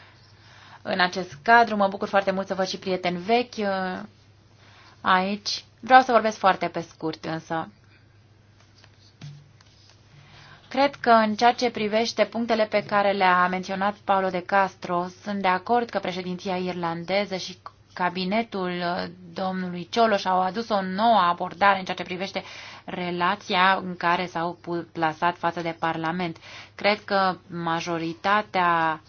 în acest cadru. Mă bucur foarte mult să văd și prieteni vechi uh, aici. Vreau să vorbesc foarte pe scurt, însă. Cred că în ceea ce privește punctele pe care le-a menționat Paolo de Castro, sunt de acord că președinția irlandeză și cabinetul domnului Cioloș au adus o nouă abordare în ceea ce privește relația în care s-au plasat față de Parlament. Cred că majoritatea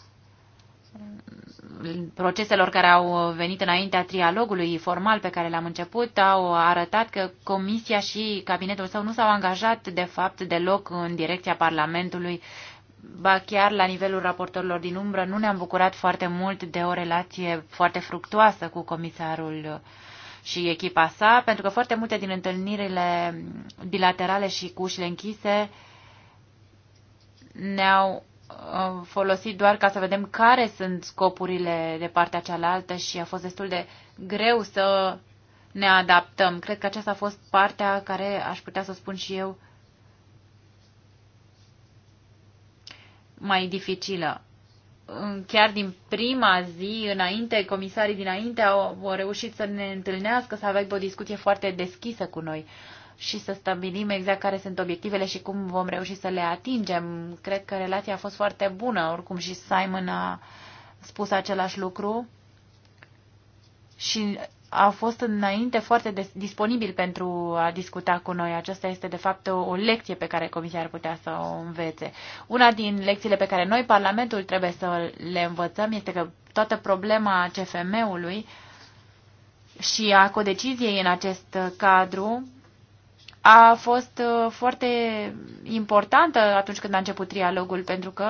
proceselor care au venit înaintea trialogului formal pe care l-am început au arătat că Comisia și cabinetul său nu s-au angajat de fapt deloc în direcția Parlamentului. Ba chiar la nivelul raportorilor din umbră nu ne-am bucurat foarte mult de o relație foarte fructuoasă cu comisarul și echipa sa, pentru că foarte multe din întâlnirile bilaterale și cu ușile închise ne-au folosit doar ca să vedem care sunt scopurile de partea cealaltă și a fost destul de greu să ne adaptăm. Cred că aceasta a fost partea care aș putea să spun și eu mai dificilă. Chiar din prima zi înainte, comisarii dinainte au, au reușit să ne întâlnească, să avem o discuție foarte deschisă cu noi și să stabilim exact care sunt obiectivele și cum vom reuși să le atingem. Cred că relația a fost foarte bună, oricum și Simon a spus același lucru și a fost înainte foarte disponibil pentru a discuta cu noi. Aceasta este, de fapt, o, o lecție pe care Comisia ar putea să o învețe. Una din lecțiile pe care noi, Parlamentul, trebuie să le învățăm este că toată problema CFM-ului și a codeciziei în acest cadru a fost uh, foarte importantă atunci când a început trialogul, pentru că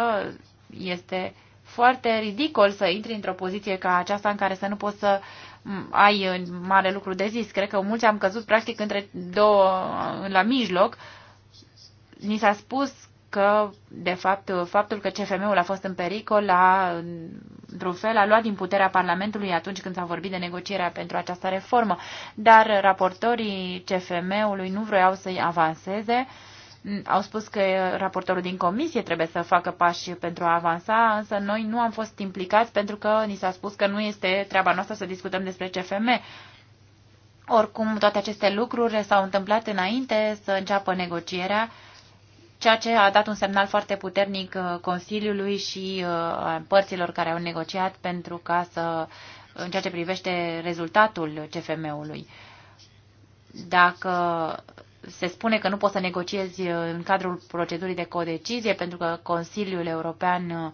este foarte ridicol să intri într-o poziție ca aceasta în care să nu poți să ai uh, mare lucru de zis. Cred că mulți am căzut practic între două uh, la mijloc. Ni s-a spus că, de fapt, faptul că CFM-ul a fost în pericol, a, într-un fel, a luat din puterea Parlamentului atunci când s-a vorbit de negocierea pentru această reformă. Dar raportorii CFM-ului nu vroiau să-i avanseze. Au spus că raportorul din comisie trebuie să facă pași pentru a avansa, însă noi nu am fost implicați pentru că ni s-a spus că nu este treaba noastră să discutăm despre CFM. Oricum, toate aceste lucruri s-au întâmplat înainte să înceapă negocierea ceea ce a dat un semnal foarte puternic uh, Consiliului și uh, părților care au negociat pentru ca să, în ceea ce privește rezultatul CFM-ului. Dacă se spune că nu poți să negociezi uh, în cadrul procedurii de codecizie pentru că Consiliul European uh,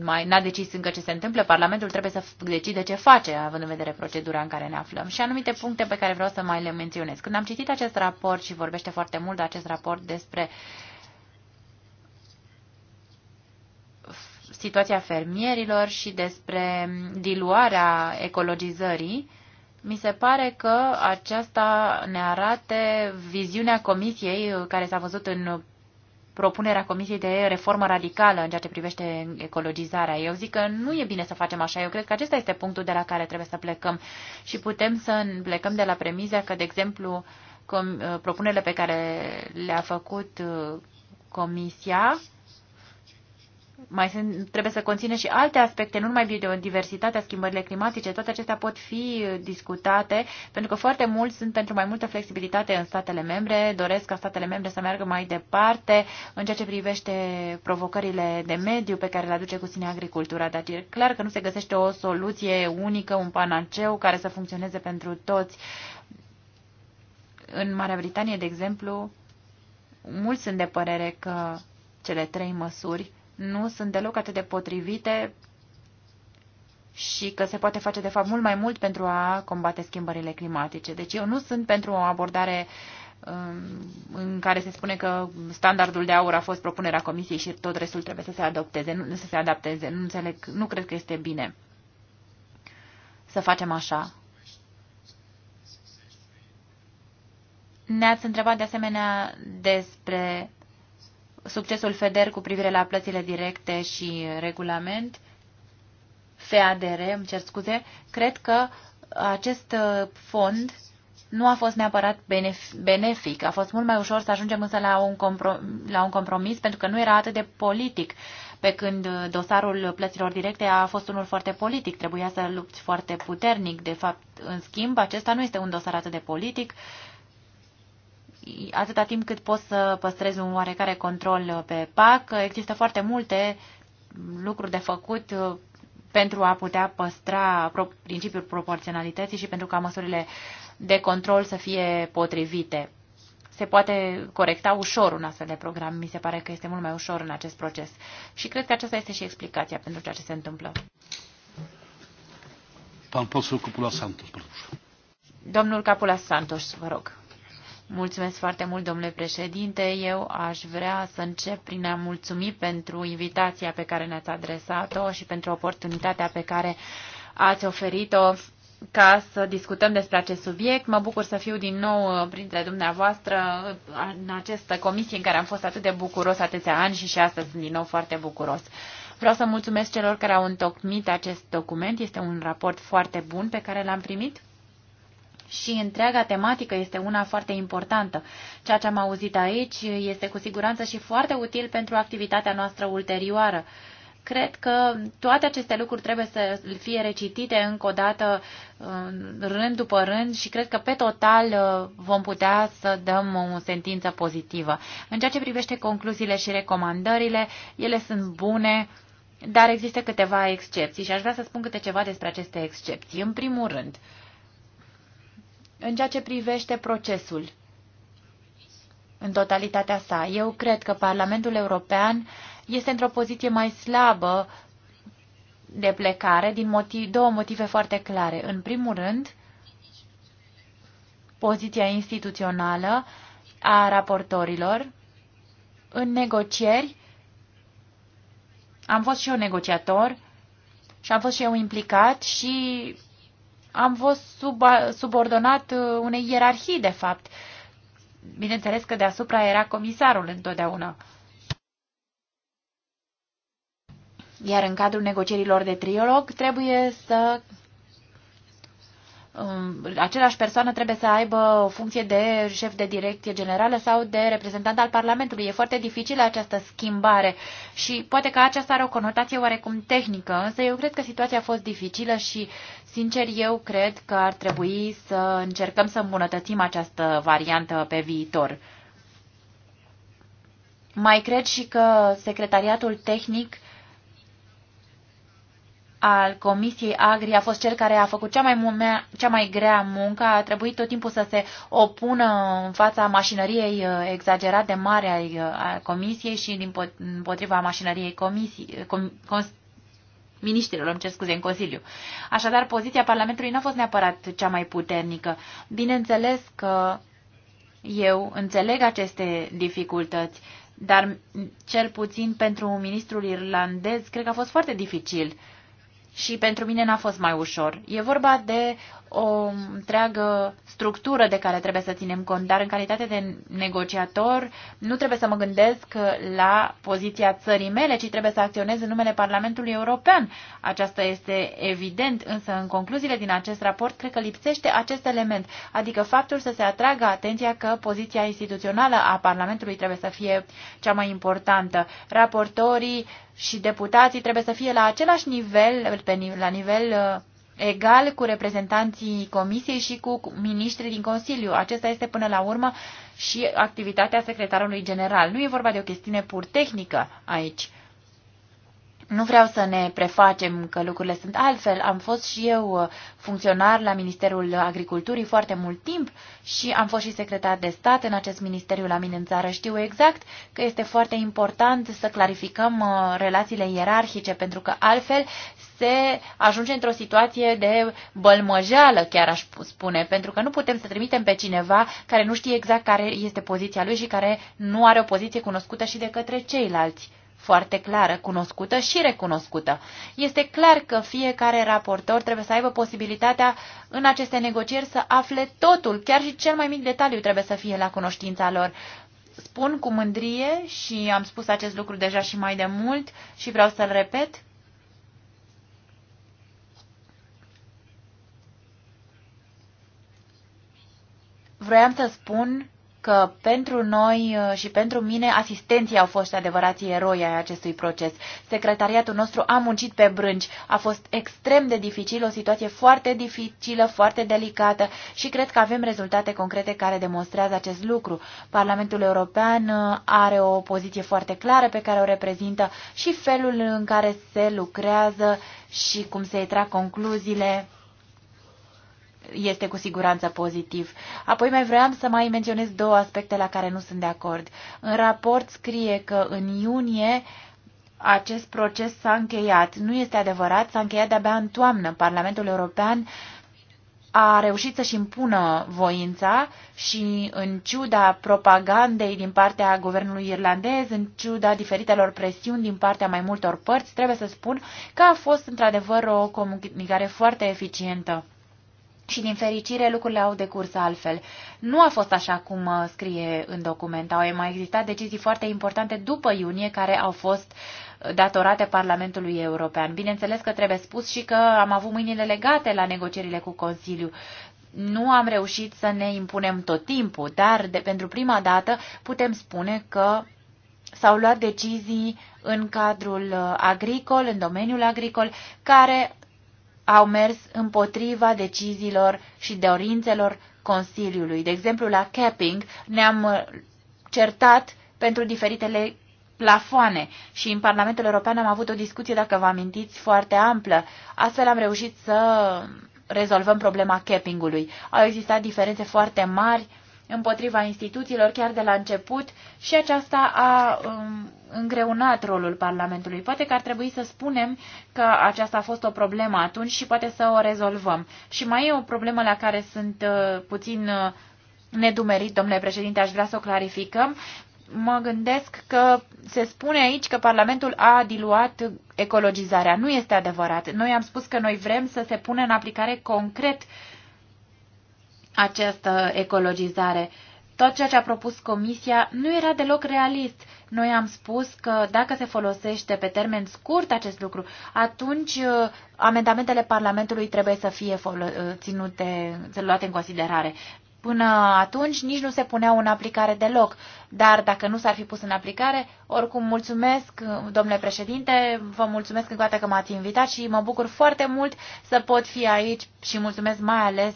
mai n-a decis încă ce se întâmplă, Parlamentul trebuie să decide ce face, având în vedere procedura în care ne aflăm. Și anumite puncte pe care vreau să mai le menționez. Când am citit acest raport și vorbește foarte mult de acest raport despre situația fermierilor și despre diluarea ecologizării, mi se pare că aceasta ne arate viziunea comisiei care s-a văzut în propunerea Comisiei de reformă radicală în ceea ce privește ecologizarea. Eu zic că nu e bine să facem așa. Eu cred că acesta este punctul de la care trebuie să plecăm și putem să plecăm de la premiza că, de exemplu, propunerile pe care le-a făcut uh, Comisia mai sunt, trebuie să conțină și alte aspecte, nu numai biodiversitatea, schimbările climatice, toate acestea pot fi uh, discutate, pentru că foarte mulți sunt pentru mai multă flexibilitate în statele membre, doresc ca statele membre să meargă mai departe în ceea ce privește provocările de mediu pe care le aduce cu sine agricultura, dar e clar că nu se găsește o soluție unică, un panaceu care să funcționeze pentru toți. În Marea Britanie, de exemplu, mulți sunt de părere că cele trei măsuri nu sunt deloc atât de potrivite și că se poate face, de fapt, mult mai mult pentru a combate schimbările climatice. Deci eu nu sunt pentru o abordare um, în care se spune că standardul de aur a fost propunerea comisiei și tot restul trebuie să se adopteze, nu, să se adapteze. Nu, înțeleg, nu cred că este bine să facem așa. Ne-ați întrebat de asemenea despre succesul FEDER cu privire la plățile directe și regulament, FADR, îmi cer scuze, cred că acest fond nu a fost neapărat benefic. A fost mult mai ușor să ajungem însă la un, la un compromis, pentru că nu era atât de politic, pe când dosarul plăților directe a fost unul foarte politic. Trebuia să lupți foarte puternic. De fapt, în schimb, acesta nu este un dosar atât de politic. Uh, atâta timp cât poți să păstrezi un oarecare control pe PAC, există foarte multe lucruri de făcut uh, pentru a putea păstra principiul proporționalității și pentru ca măsurile de control să fie potrivite. Se poate corecta ușor un astfel de program. Mi se pare că este mult mai ușor în acest proces. Și cred că aceasta este și explicația pentru ceea ce se întâmplă. Pan Posul Santos, Domnul Capula Santos, vă rog. Mulțumesc foarte mult, domnule președinte. Eu aș vrea să încep prin a mulțumi pentru invitația pe care ne-ați adresat-o și pentru oportunitatea pe care ați oferit-o ca să discutăm despre acest subiect. Mă bucur să fiu din nou uh, printre dumneavoastră uh, în această comisie în care am fost atât de bucuros atâția ani și și astăzi sunt din nou foarte bucuros. Vreau să mulțumesc celor care au întocmit acest document. Este un raport foarte bun pe care l-am primit și întreaga tematică este una foarte importantă. Ceea ce am auzit aici este cu siguranță și foarte util pentru activitatea noastră ulterioară. Cred că toate aceste lucruri trebuie să fie recitite încă o dată, rând după rând, și cred că pe total uh, vom putea să dăm o sentință pozitivă. În ceea ce privește concluziile și recomandările, ele sunt bune, dar există câteva excepții și aș vrea să spun câte ceva despre aceste excepții. În primul rând, în ceea ce privește procesul în totalitatea sa, eu cred că Parlamentul European este într-o poziție mai slabă de plecare din motiv, două motive foarte clare. În primul rând, poziția instituțională a raportorilor în negocieri. Am fost și eu negociator și am fost și eu implicat și am fost sub, subordonat uh, unei ierarhii, de fapt. Bineînțeles că deasupra era comisarul întotdeauna. Iar în cadrul negocierilor de triolog trebuie să Um, același persoană trebuie să aibă o funcție de șef de direcție generală sau de reprezentant al Parlamentului. E foarte dificilă această schimbare și poate că aceasta are o conotație oarecum tehnică, însă eu cred că situația a fost dificilă și, sincer, eu cred că ar trebui să încercăm să îmbunătățim această variantă pe viitor. Mai cred și că secretariatul tehnic al Comisiei Agri a fost cel care a făcut cea mai, mumea, cea mai grea muncă, a trebuit tot timpul să se opună în fața mașinăriei uh, exagerat de mare uh, a Comisiei și din împotriva mașinăriei Comisii, com, cons, îmi cer scuze, în Consiliu. Așadar, poziția Parlamentului nu a fost neapărat cea mai puternică. Bineînțeles că eu înțeleg aceste dificultăți, dar cel puțin pentru ministrul irlandez, cred că a fost foarte dificil și pentru mine n-a fost mai ușor. E vorba de o întreagă structură de care trebuie să ținem cont, dar în calitate de negociator nu trebuie să mă gândesc la poziția țării mele, ci trebuie să acționez în numele Parlamentului European. Aceasta este evident, însă în concluziile din acest raport cred că lipsește acest element, adică faptul să se atragă atenția că poziția instituțională a Parlamentului trebuie să fie cea mai importantă. Raportorii și deputații trebuie să fie la același nivel, pe, la nivel uh, egal cu reprezentanții Comisiei și cu ministrii din Consiliu. Acesta este până la urmă și activitatea secretarului general. Nu e vorba de o chestiune pur tehnică aici. Nu vreau să ne prefacem că lucrurile sunt altfel. Am fost și eu uh, funcționar la Ministerul Agriculturii foarte mult timp și am fost și secretar de stat în acest ministeriu la mine în țară. Știu exact că este foarte important să clarificăm uh, relațiile ierarhice, pentru că altfel se ajunge într-o situație de bălmăjeală, chiar aș spune, pentru că nu putem să trimitem pe cineva care nu știe exact care este poziția lui și care nu are o poziție cunoscută și de către ceilalți foarte clară, cunoscută și recunoscută. Este clar că fiecare raportor trebuie să aibă posibilitatea în aceste negocieri să afle totul, chiar și cel mai mic detaliu trebuie să fie la cunoștința lor. Spun cu mândrie și am spus acest lucru deja și mai de mult și vreau să-l repet, Vreau să spun că pentru noi uh, și pentru mine asistenții au fost adevărații eroi ai acestui proces. Secretariatul nostru a muncit pe brânci, a fost extrem de dificil, o situație foarte dificilă, foarte delicată și cred că avem rezultate concrete care demonstrează acest lucru. Parlamentul European uh, are o poziție foarte clară pe care o reprezintă și felul în care se lucrează și cum se trag concluziile este cu siguranță pozitiv. Apoi mai vreau să mai menționez două aspecte la care nu sunt de acord. În raport scrie că în iunie acest proces s-a încheiat. Nu este adevărat, s-a încheiat de-abia în toamnă. Parlamentul European a reușit să-și impună voința și în ciuda propagandei din partea guvernului irlandez, în ciuda diferitelor presiuni din partea mai multor părți, trebuie să spun că a fost într-adevăr o comunicare foarte eficientă și din fericire lucrurile au decurs altfel. Nu a fost așa cum uh, scrie în document. Au mai existat decizii foarte importante după iunie care au fost uh, datorate Parlamentului European. Bineînțeles că trebuie spus și că am avut mâinile legate la negocierile cu Consiliu. Nu am reușit să ne impunem tot timpul, dar de, pentru prima dată putem spune că s-au luat decizii în cadrul uh, agricol, în domeniul agricol, care au mers împotriva deciziilor și dorințelor Consiliului. De exemplu, la capping ne-am uh, certat pentru diferitele plafoane și în Parlamentul European am avut o discuție, dacă vă amintiți, foarte amplă. Astfel am reușit să rezolvăm problema capping-ului. Au existat diferențe foarte mari împotriva instituțiilor chiar de la început și aceasta a um, îngreunat rolul Parlamentului. Poate că ar trebui să spunem că aceasta a fost o problemă atunci și poate să o rezolvăm. Și mai e o problemă la care sunt uh, puțin uh, nedumerit, domnule președinte, aș vrea să o clarificăm. Mă gândesc că se spune aici că Parlamentul a diluat ecologizarea. Nu este adevărat. Noi am spus că noi vrem să se pună în aplicare concret uh, această ecologizare. Tot ceea ce a propus Comisia nu era deloc realist. Noi am spus că dacă se folosește pe termen scurt acest lucru, atunci uh, amendamentele Parlamentului trebuie să fie uh, ținute, să luate în considerare. Până atunci nici nu se puneau în aplicare deloc, dar dacă nu s-ar fi pus în aplicare, oricum mulțumesc, uh, domnule președinte, vă mulțumesc încă o dată că m-ați invitat și mă bucur foarte mult să pot fi aici și mulțumesc mai ales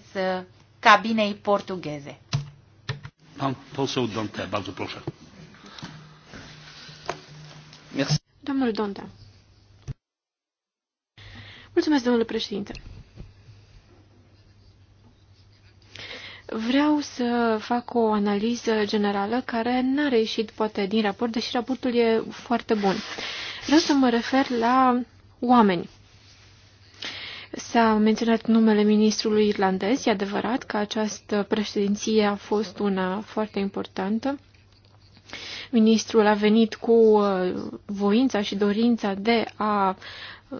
cabinei portugheze. Pan poseł Dante, bardzo proszę. Domnul Donta. Mulțumesc, domnule președinte. Vreau să fac o analiză generală care n-a reieșit poate din raport, deși raportul e foarte bun. Vreau să mă refer la oameni. S-a menționat numele ministrului irlandez. E adevărat că această președinție a fost una foarte importantă. Ministrul a venit cu uh, voința și dorința de a uh,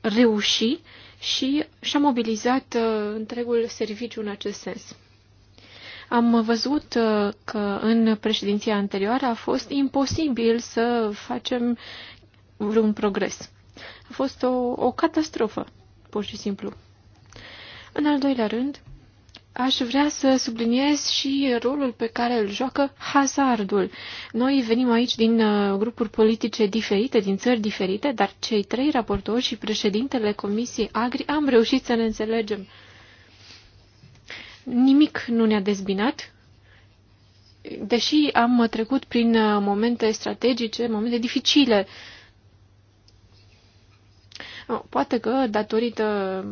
reuși și și-a mobilizat uh, întregul serviciu în acest sens. Am văzut că în președinția anterioară a fost imposibil să facem vreun progres. A fost o, o catastrofă pur și simplu. În al doilea rând, aș vrea să subliniez și rolul pe care îl joacă hazardul. Noi venim aici din uh, grupuri politice diferite, din țări diferite, dar cei trei raportori și președintele Comisiei Agri am reușit să ne înțelegem. Nimic nu ne-a dezbinat, deși am trecut prin uh, momente strategice, momente dificile, uh, Oh, poate că, datorită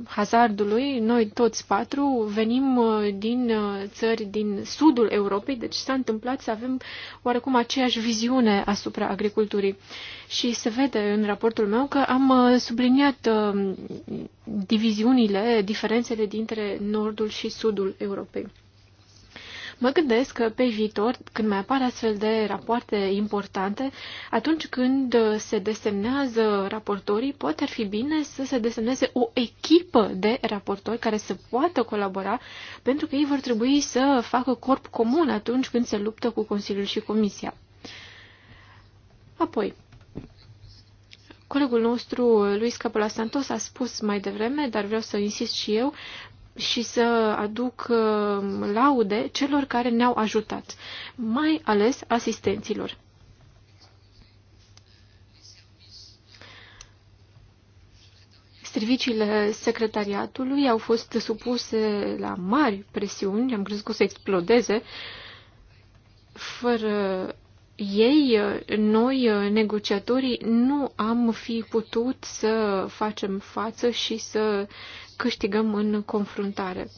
hazardului, noi toți patru venim uh, din uh, țări din sudul Europei, deci s-a întâmplat să avem oarecum aceeași viziune asupra agriculturii. Și se vede în raportul meu că am uh, subliniat diviziunile, diferențele dintre nordul și sudul Europei. Mă gândesc că pe viitor, când mai apar astfel de rapoarte importante, atunci când uh, se desemnează raportorii, poate ar fi bine să se desemneze o echipă de raportori care să poată colabora, pentru că ei vor trebui să facă corp comun atunci când se luptă cu Consiliul și Comisia. Apoi, Colegul nostru, Luis Capola Santos, a spus mai devreme, dar vreau să insist și eu, și să aduc uh, laude celor care ne-au ajutat, mai ales asistenților. Serviciile secretariatului au fost supuse la mari presiuni, am crezut că o să explodeze. Fără ei, noi, negociatorii, nu am fi putut să facem față și să uh, câștigăm în confruntare.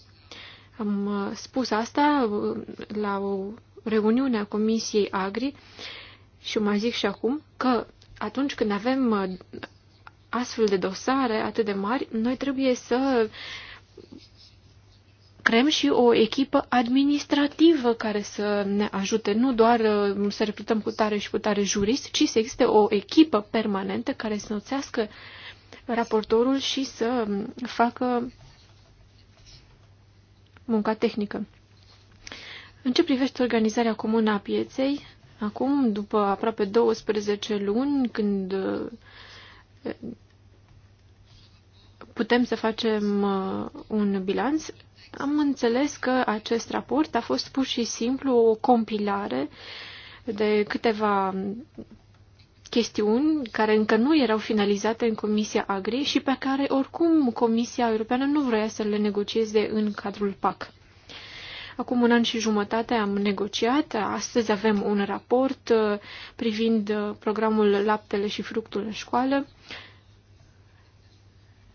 Am uh, spus asta uh, la o reuniune a Comisiei Agri și mai zic și acum că atunci când avem uh, astfel de dosare atât de mari, noi trebuie să creăm și o echipă administrativă care să ne ajute, nu doar să repetăm cu tare și cu tare jurist, ci să existe o echipă permanentă care să noțească uh, raportorul și să facă munca tehnică. În ce privește organizarea comună a pieței, acum, după aproape 12 luni, când eh, putem să facem eh, un bilanț, am înțeles că acest raport a fost pur și simplu o compilare de câteva chestiuni care încă nu erau finalizate în Comisia Agri și pe care oricum Comisia Europeană nu vrea să le negocieze în cadrul PAC. Acum un an și jumătate am negociat, astăzi avem un raport uh, privind uh, programul Laptele și Fructul în școală.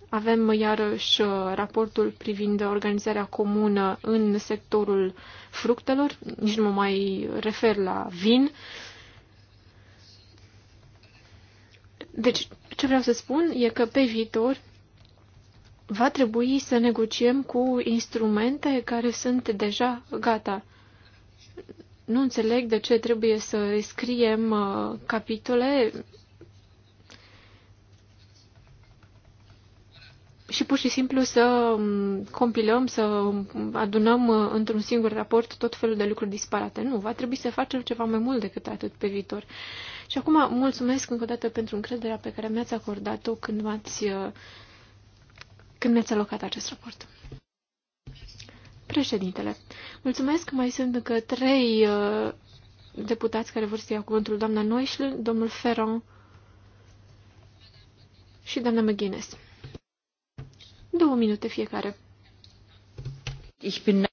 Avem iarăși uh, raportul privind organizarea comună în sectorul fructelor, nici nu mă mai refer la vin, Deci, ce vreau să spun e că pe viitor va trebui să negociem cu instrumente care sunt deja gata. Nu înțeleg de ce trebuie să scriem uh, capitole și pur și simplu să mm, compilăm, să mm, adunăm uh, într-un singur raport tot felul de lucruri disparate. Nu, va trebui să facem ceva mai mult decât atât pe viitor. Și acum mulțumesc încă o dată pentru încrederea pe care mi-ați acordat-o când m-ați uh, când mi-ați alocat acest raport. Președintele, mulțumesc, mai sunt încă trei uh, deputați care vor să ia cuvântul, doamna Noișl, domnul Ferron și doamna McGuinness. Două minute fiecare.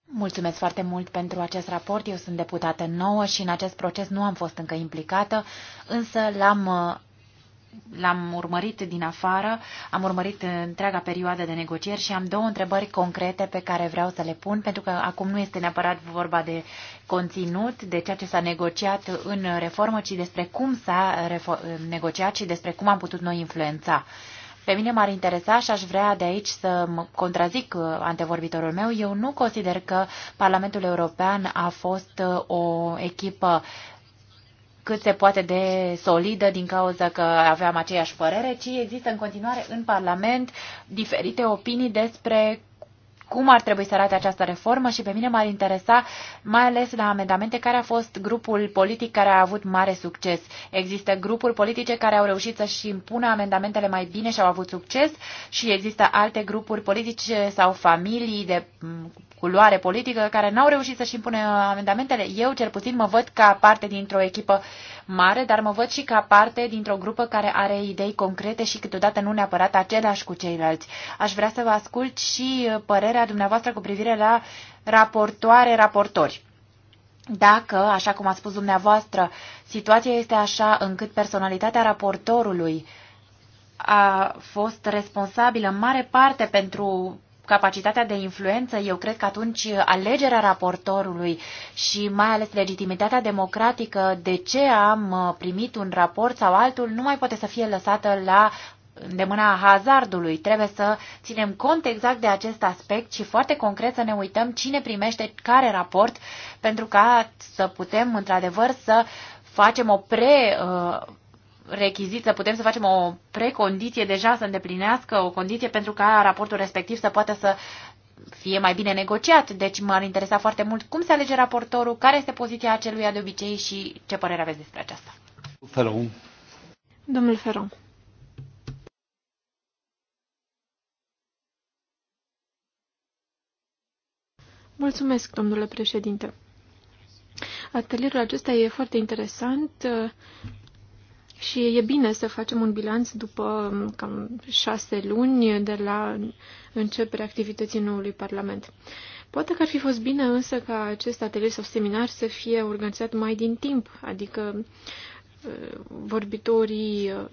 Mulțumesc foarte mult pentru acest raport. Eu sunt deputată nouă și în acest proces nu am fost încă implicată, însă l-am l-am urmărit din afară, am urmărit întreaga perioadă de negocieri și am două întrebări concrete pe care vreau să le pun, pentru că acum nu este neapărat vorba de conținut, de ceea ce s-a negociat în reformă, ci despre cum s-a negociat și despre cum am putut noi influența. Uh, pe mine m-ar interesa și aș vrea de aici să mă contrazic uh, antevorbitorul meu. Eu nu consider că Parlamentul European a fost uh, o echipă cât se poate de solidă din cauza că aveam aceeași părere, ci există în continuare în Parlament diferite opinii despre cum ar trebui să arate această reformă și pe mine m-ar interesa mai ales la amendamente care a fost grupul politic care a avut mare succes. Există grupuri politice care au reușit să-și impună amendamentele mai bine și au avut succes și există alte grupuri politice sau familii de culoare politică care n-au reușit să-și impună amendamentele. Eu cel puțin mă văd ca parte dintr-o echipă uh, mare, dar mă văd și ca parte dintr-o grupă care are idei concrete și câteodată nu neapărat aceleași cu ceilalți. Aș vrea să vă ascult și uh, părerea dumneavoastră cu privire la raportoare, raportori. Dacă, așa cum a spus dumneavoastră, situația este așa încât personalitatea raportorului a fost responsabilă în mare parte pentru capacitatea de influență, eu cred că atunci alegerea raportorului și mai ales legitimitatea democratică de ce am uh, primit un raport sau altul nu mai poate să fie lăsată la de mâna hazardului. Trebuie să ținem cont exact de acest aspect și foarte concret să ne uităm cine primește care raport pentru ca să putem într-adevăr să facem o pre uh, rechizit, să putem să facem o precondiție deja, să îndeplinească o condiție pentru ca raportul respectiv să poată să fie mai bine negociat. Deci m-ar interesa foarte mult cum se alege raportorul, care este poziția aceluia de obicei și ce părere aveți despre aceasta. Feron. Domnul Feron. Mulțumesc, domnule președinte. Atelierul acesta e foarte interesant. Și e bine să facem un bilanț după um, cam șase luni de la începerea activității noului Parlament. Poate că ar fi fost bine însă ca acest atelier sau seminar să fie organizat mai din timp, adică uh, vorbitorii uh,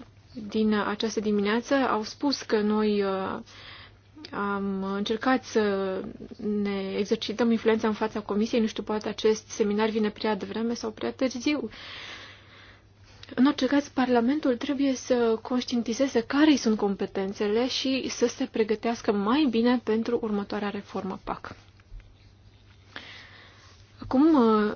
din această dimineață au spus că noi uh, am încercat să ne exercităm influența în fața comisiei, nu știu, poate acest seminar vine prea devreme sau prea târziu. În orice caz, Parlamentul trebuie să conștientizeze care sunt competențele și să se pregătească mai bine pentru următoarea reformă PAC. Acum, uh,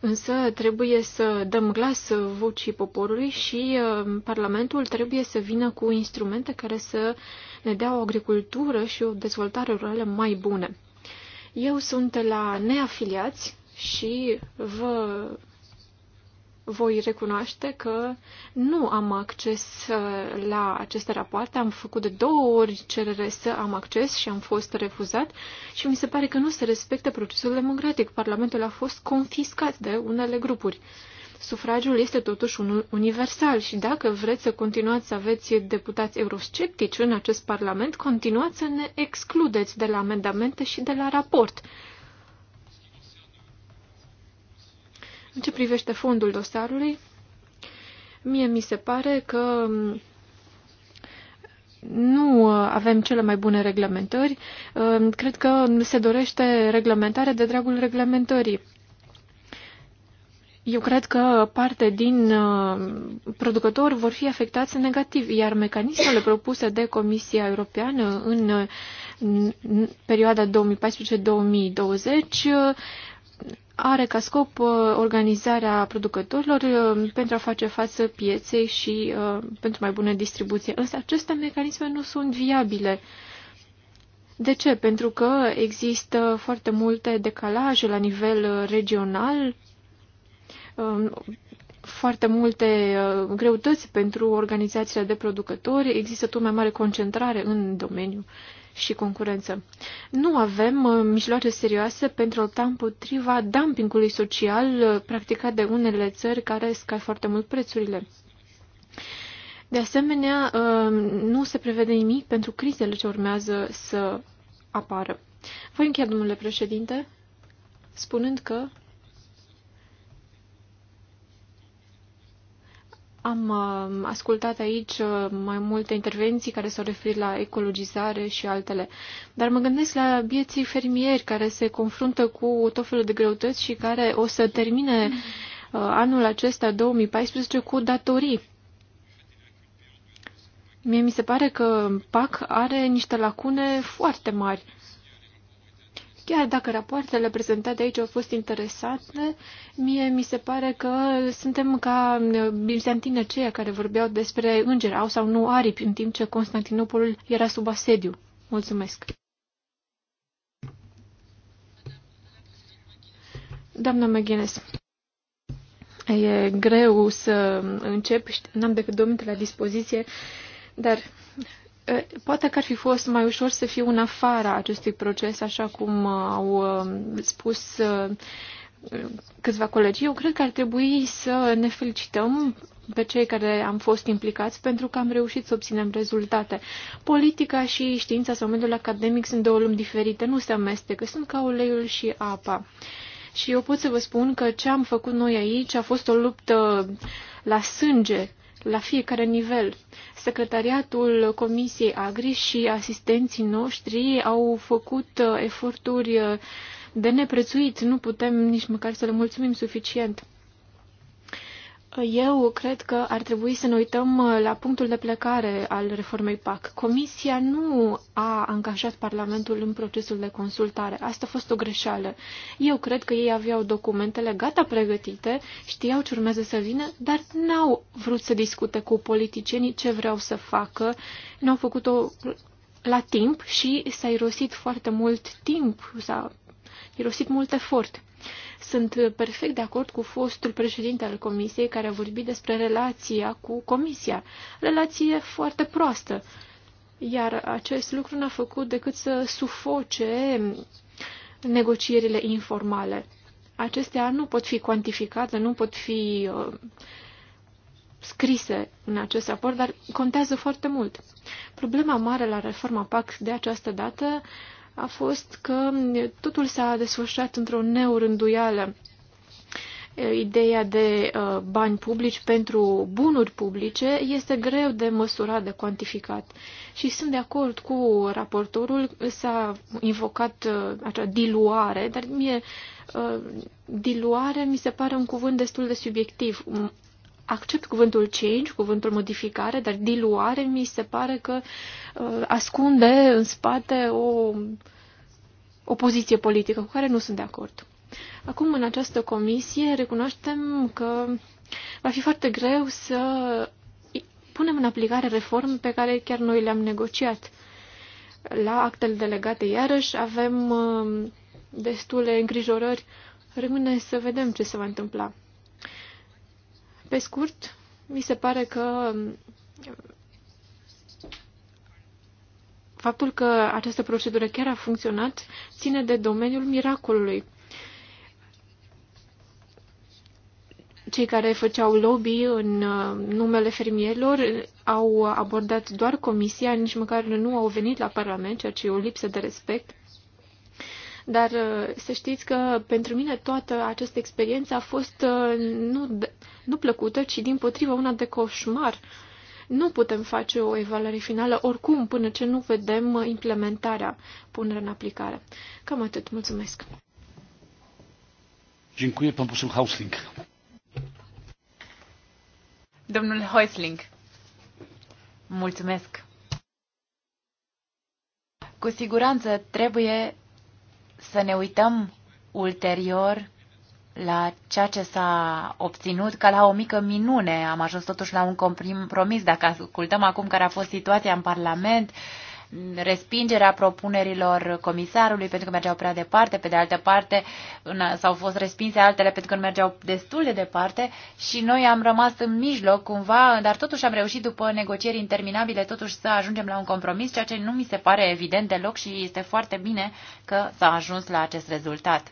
însă, trebuie să dăm glas vocii poporului și uh, Parlamentul trebuie să vină cu instrumente care să ne dea o agricultură și o dezvoltare rurală mai bune. Eu sunt la neafiliați și vă voi recunoaște că nu am acces uh, la aceste rapoarte. Am făcut de două ori cerere să am acces și am fost refuzat și mi se pare că nu se respectă procesul democratic. Parlamentul a fost confiscat de unele grupuri. Sufragiul este totuși unul universal și dacă vreți să continuați să aveți deputați eurosceptici în acest parlament, continuați să ne excludeți de la amendamente și de la raport. În ce privește fondul dosarului, mie mi se pare că mm, nu avem cele mai bune reglementări. Mm, cred că se dorește reglementare de dragul reglementării. Eu cred că parte din mm, producători vor fi afectați negativ, iar mecanismele propuse de Comisia Europeană în perioada 2014-2020 are ca scop uh, organizarea producătorilor uh, pentru a face față pieței și uh, pentru mai bună distribuție. Însă aceste mecanisme nu sunt viabile. De ce? Pentru că există foarte multe decalaje la nivel regional, um, foarte multe greutăți pentru organizațiile de producători, există tot mai mare concentrare în domeniu și concurență. Nu avem uh, mijloace serioase pentru a lupta împotriva dumpingului social uh, practicat de unele țări care scad foarte mult prețurile. De asemenea, uh, nu se prevede nimic pentru crizele ce urmează să apară. Voi încheia, domnule președinte, spunând că Am uh, ascultat aici uh, mai multe intervenții care s-au referit la ecologizare și altele, dar mă gândesc la vieții fermieri care se confruntă cu tot felul de greutăți și care o să termine uh, anul acesta, 2014, cu datorii. Mie mi se pare că PAC are niște lacune foarte mari. Chiar dacă rapoartele prezentate aici au fost interesante, mie mi se pare că suntem ca bizantinii aceia care vorbeau despre îngeri au sau nu aripi, în timp ce Constantinopolul era sub asediu. Mulțumesc! Doamna McGuinness, e greu să încep, n-am decât două minute la dispoziție, dar Poate că ar fi fost mai ușor să fie în afara acestui proces, așa cum au um, spus uh, câțiva colegi. Eu cred că ar trebui să ne felicităm pe cei care am fost implicați pentru că am reușit să obținem rezultate. Politica și știința sau mediul academic sunt două lumi diferite, nu se amestecă, sunt ca uleiul și apa. Și eu pot să vă spun că ce am făcut noi aici a fost o luptă la sânge la fiecare nivel. Secretariatul Comisiei Agri și asistenții noștri au făcut uh, eforturi uh, de neprețuit, nu putem nici măcar să le mulțumim suficient. Eu cred că ar trebui să ne uităm uh, la punctul de plecare al reformei PAC. Comisia nu a angajat Parlamentul în procesul de consultare. Asta a fost o greșeală. Eu cred că ei aveau documentele gata pregătite, știau ce urmează să vină, dar n-au vrut să discute cu politicienii ce vreau să facă. Nu au făcut-o la timp și s-a irosit foarte mult timp, s-a irosit mult efort. Sunt perfect de acord cu fostul președinte al comisiei care a vorbit despre relația cu comisia. Relație foarte proastă. Iar acest lucru n-a făcut decât să sufoce negocierile informale. Acestea nu pot fi cuantificate, nu pot fi uh, scrise în acest raport, dar contează foarte mult. Problema mare la reforma PAC de această dată a fost că totul s-a desfășurat într-o neurânduială. Ideea de bani publici pentru bunuri publice este greu de măsurat, de cuantificat. Și sunt de acord cu raportorul, s-a invocat acea diluare, dar mie diluare mi se pare un cuvânt destul de subiectiv accept cuvântul change, cuvântul modificare, dar diluare mi se pare că uh, ascunde în spate o, o poziție politică cu care nu sunt de acord. Acum, în această comisie, recunoaștem că va fi foarte greu să punem în aplicare reforme pe care chiar noi le-am negociat. La actele delegate, iarăși, avem uh, destule îngrijorări. Rămâne să vedem ce se va întâmpla. Pe scurt, mi se pare că faptul că această procedură chiar a funcționat ține de domeniul miracolului. Cei care făceau lobby în uh, numele fermierilor au abordat doar comisia, nici măcar nu au venit la Parlament, ceea ce e o lipsă de respect. Dar uh, să știți că pentru mine toată această experiență a fost uh, nu nu plăcută, ci din potrivă una de coșmar. Nu putem face o evaluare finală oricum până ce nu vedem implementarea, punerea în aplicare. Cam atât. Mulțumesc. Dziękuję pan poseł Hausling. Domnul Häusling. Mulțumesc. Cu siguranță trebuie să ne uităm ulterior la ceea ce s-a obținut, ca la o mică minune. Am ajuns totuși la un compromis. Dacă ascultăm acum care a fost situația în Parlament, respingerea propunerilor comisarului pentru că mergeau prea departe, pe de altă parte s-au fost respinse altele pentru că mergeau destul de departe și noi am rămas în mijloc cumva, dar totuși am reușit după negocieri interminabile totuși să ajungem la un compromis, ceea ce nu mi se pare evident deloc și este foarte bine că s-a ajuns la acest rezultat.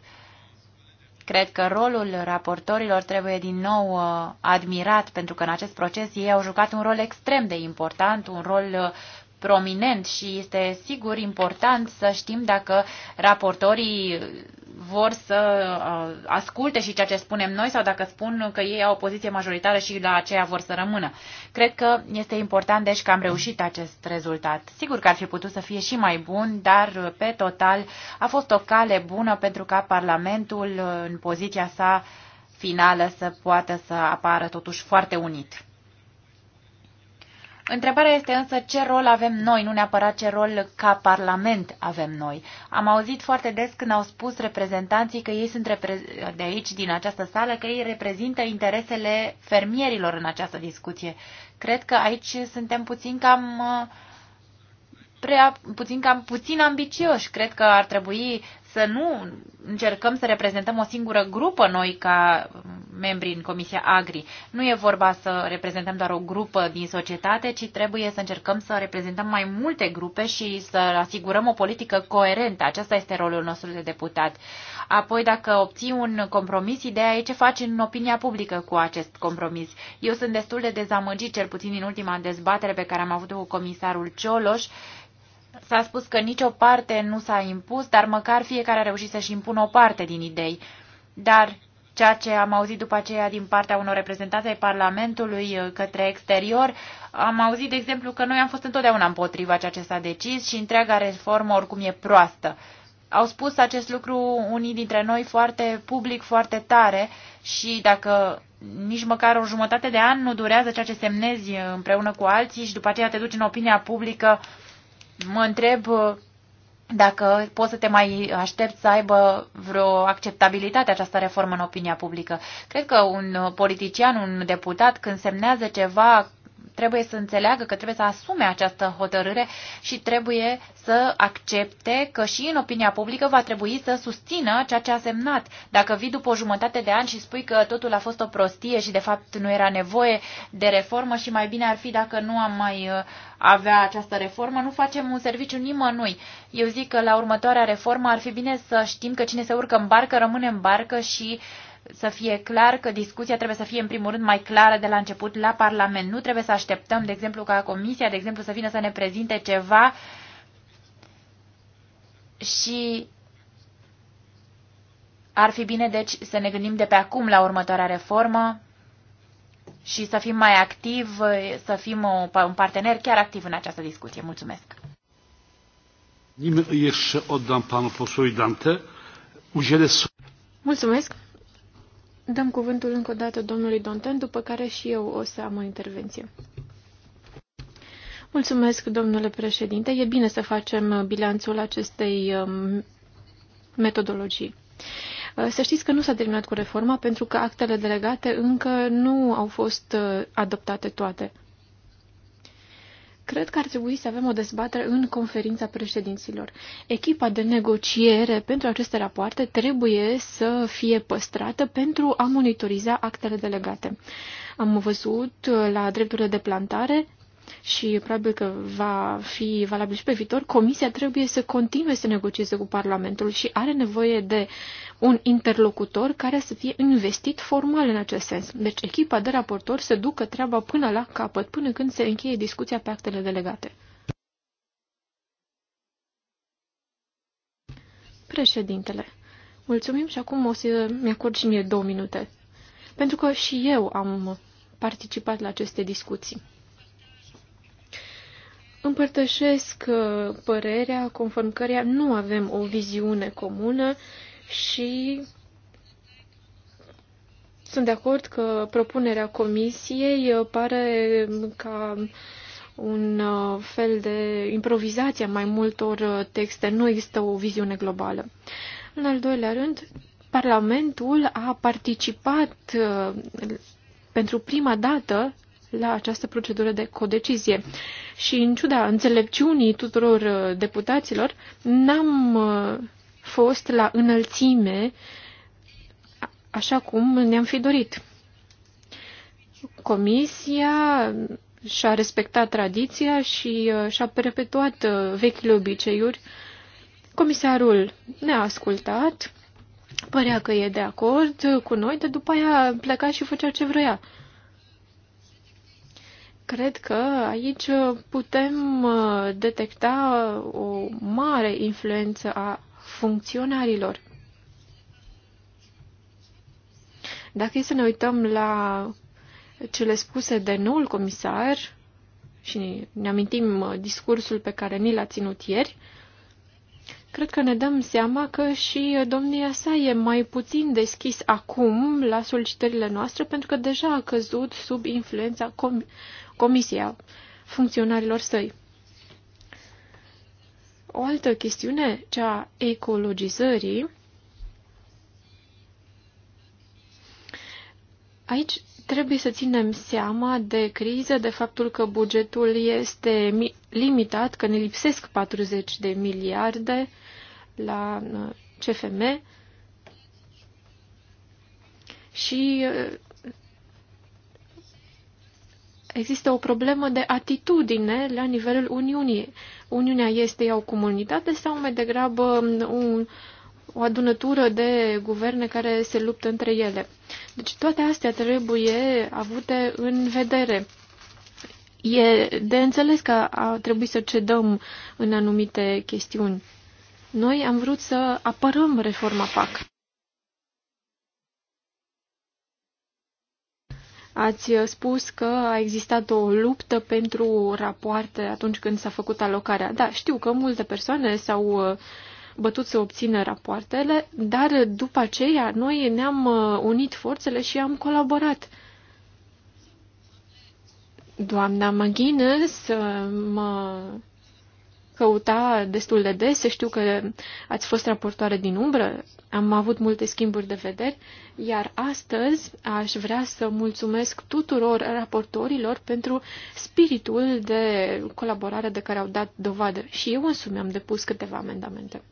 Cred că rolul raportorilor trebuie din nou uh, admirat, pentru că în acest proces ei au jucat un rol extrem de important, un rol uh, prominent și este sigur important să știm dacă raportorii vor să uh, asculte și ceea ce spunem noi sau dacă spun că ei au o poziție majoritară și la aceea vor să rămână. Cred că este important deci că am reușit acest rezultat. Sigur că ar fi putut să fie și mai bun, dar pe total a fost o cale bună pentru ca Parlamentul în poziția sa finală să poată să apară totuși foarte unit. Întrebarea este însă ce rol avem noi, nu neapărat ce rol ca Parlament avem noi. Am auzit foarte des când au spus reprezentanții că ei sunt de aici, din această sală, că ei reprezintă interesele fermierilor în această discuție. Cred că aici suntem puțin cam uh, prea, puțin cam puțin ambicioși. Cred că ar trebui să nu încercăm să reprezentăm o singură grupă noi ca membri în Comisia Agri. Nu e vorba să reprezentăm doar o grupă din societate, ci trebuie să încercăm să reprezentăm mai multe grupe și să asigurăm o politică coerentă. Acesta este rolul nostru de deputat. Apoi, dacă obții un compromis, ideea e ce faci în opinia publică cu acest compromis. Eu sunt destul de dezamăgit, cel puțin din ultima dezbatere pe care am avut-o cu comisarul Cioloș, S-a spus că nicio parte nu s-a impus, dar măcar fiecare a reușit să-și impună o parte din idei. Dar ceea ce am auzit după aceea din partea unor reprezentanți ai Parlamentului uh, către exterior, am auzit, de exemplu, că noi am fost întotdeauna împotriva ceea ce s-a decis și întreaga reformă oricum e proastă. Au spus acest lucru unii dintre noi foarte public, foarte tare și dacă nici măcar o jumătate de an nu durează ceea ce semnezi uh, împreună cu alții și după aceea te duci în opinia publică uh, Mă întreb uh, dacă poți să te mai aștepți să aibă vreo acceptabilitate această reformă în opinia publică. Cred că un uh, politician, un deputat, când semnează ceva trebuie să înțeleagă că trebuie să asume această hotărâre și trebuie să accepte că și în opinia publică va trebui să susțină ceea ce a semnat. Dacă vii după o jumătate de ani și spui că totul a fost o prostie și de fapt nu era nevoie de reformă și mai bine ar fi dacă nu am mai uh, avea această reformă, nu facem un serviciu nimănui. Eu zic că la următoarea reformă ar fi bine să știm că cine se urcă în barcă rămâne în barcă și uh, să fie clar că discuția trebuie să fie în primul rând mai clară de la început la Parlament. Nu trebuie să așteptăm, de exemplu, ca Comisia, de exemplu, să vină să ne prezinte ceva și ar fi bine, deci, să ne gândim de pe acum la următoarea reformă și să fim mai activ, să fim un partener chiar activ în această discuție. Mulțumesc! Dante, Mulțumesc. Dăm cuvântul încă o dată domnului Donten, după care și eu o să am o intervenție. Mulțumesc, domnule președinte. E bine să facem bilanțul acestei um, metodologii. Uh, să știți că nu s-a terminat cu reforma pentru că actele delegate încă nu au fost uh, adoptate toate. Cred că ar trebui să avem o dezbatere în conferința președinților. Echipa de negociere pentru aceste rapoarte trebuie să fie păstrată pentru a monitoriza actele delegate. Am văzut la drepturile de plantare și probabil că va fi valabil și pe viitor, Comisia trebuie să continue să negocieze cu Parlamentul și are nevoie de un interlocutor care să fie investit formal în acest sens. Deci echipa de raportor să ducă treaba până la capăt, până când se încheie discuția pe actele delegate. Președintele, mulțumim și acum o să mi-acord și mie două minute. Pentru că și eu am participat la aceste discuții. Împărtășesc uh, părerea conform căreia nu avem o viziune comună și sunt de acord că propunerea comisiei uh, pare ca un uh, fel de improvizație a mai multor texte. Nu există o viziune globală. În al doilea rând, Parlamentul a participat pentru prima dată la această procedură de codecizie. Și în ciuda înțelepciunii tuturor uh, deputaților, n-am uh, fost la înălțime așa cum ne-am fi dorit. Comisia și-a respectat tradiția și uh, și-a perpetuat vechile obiceiuri. Comisarul ne-a ascultat, părea că e de acord cu noi, dar după aia pleca și făcea ce vrea. Cred că aici putem uh, detecta uh, o mare influență a funcționarilor. Dacă e să ne uităm la cele spuse de noul comisar și ne amintim uh, discursul pe care ni l-a ținut ieri, uh, cred că ne dăm seama că și uh, domnia sa e mai puțin deschis acum la solicitările noastre, pentru că deja a căzut sub influența com comisia funcționarilor săi. O altă chestiune, cea ecologizării, aici trebuie să ținem seama de criză, de faptul că bugetul este limitat, că ne lipsesc 40 de miliarde la uh, CFM și uh, există o problemă de atitudine la nivelul Uniunii. Uniunea este ea o comunitate sau mai degrabă um, un, o adunătură de guverne care se luptă între ele. Deci toate astea trebuie avute în vedere. E de înțeles că a trebuit să cedăm în anumite chestiuni. Noi am vrut să apărăm reforma PAC. Ați spus că a existat o luptă pentru rapoarte atunci când s-a făcut alocarea. Da, știu că multe persoane s-au uh, bătut să obțină rapoartele, dar după aceea noi ne-am uh, unit forțele și am colaborat. Doamna McGuinness uh, mă căuta destul de des, știu că ați fost raportoare din umbră, am avut multe schimburi de vedere, iar astăzi aș vrea să mulțumesc tuturor raportorilor pentru spiritul de colaborare de care au dat dovadă și eu însumi am depus câteva amendamente.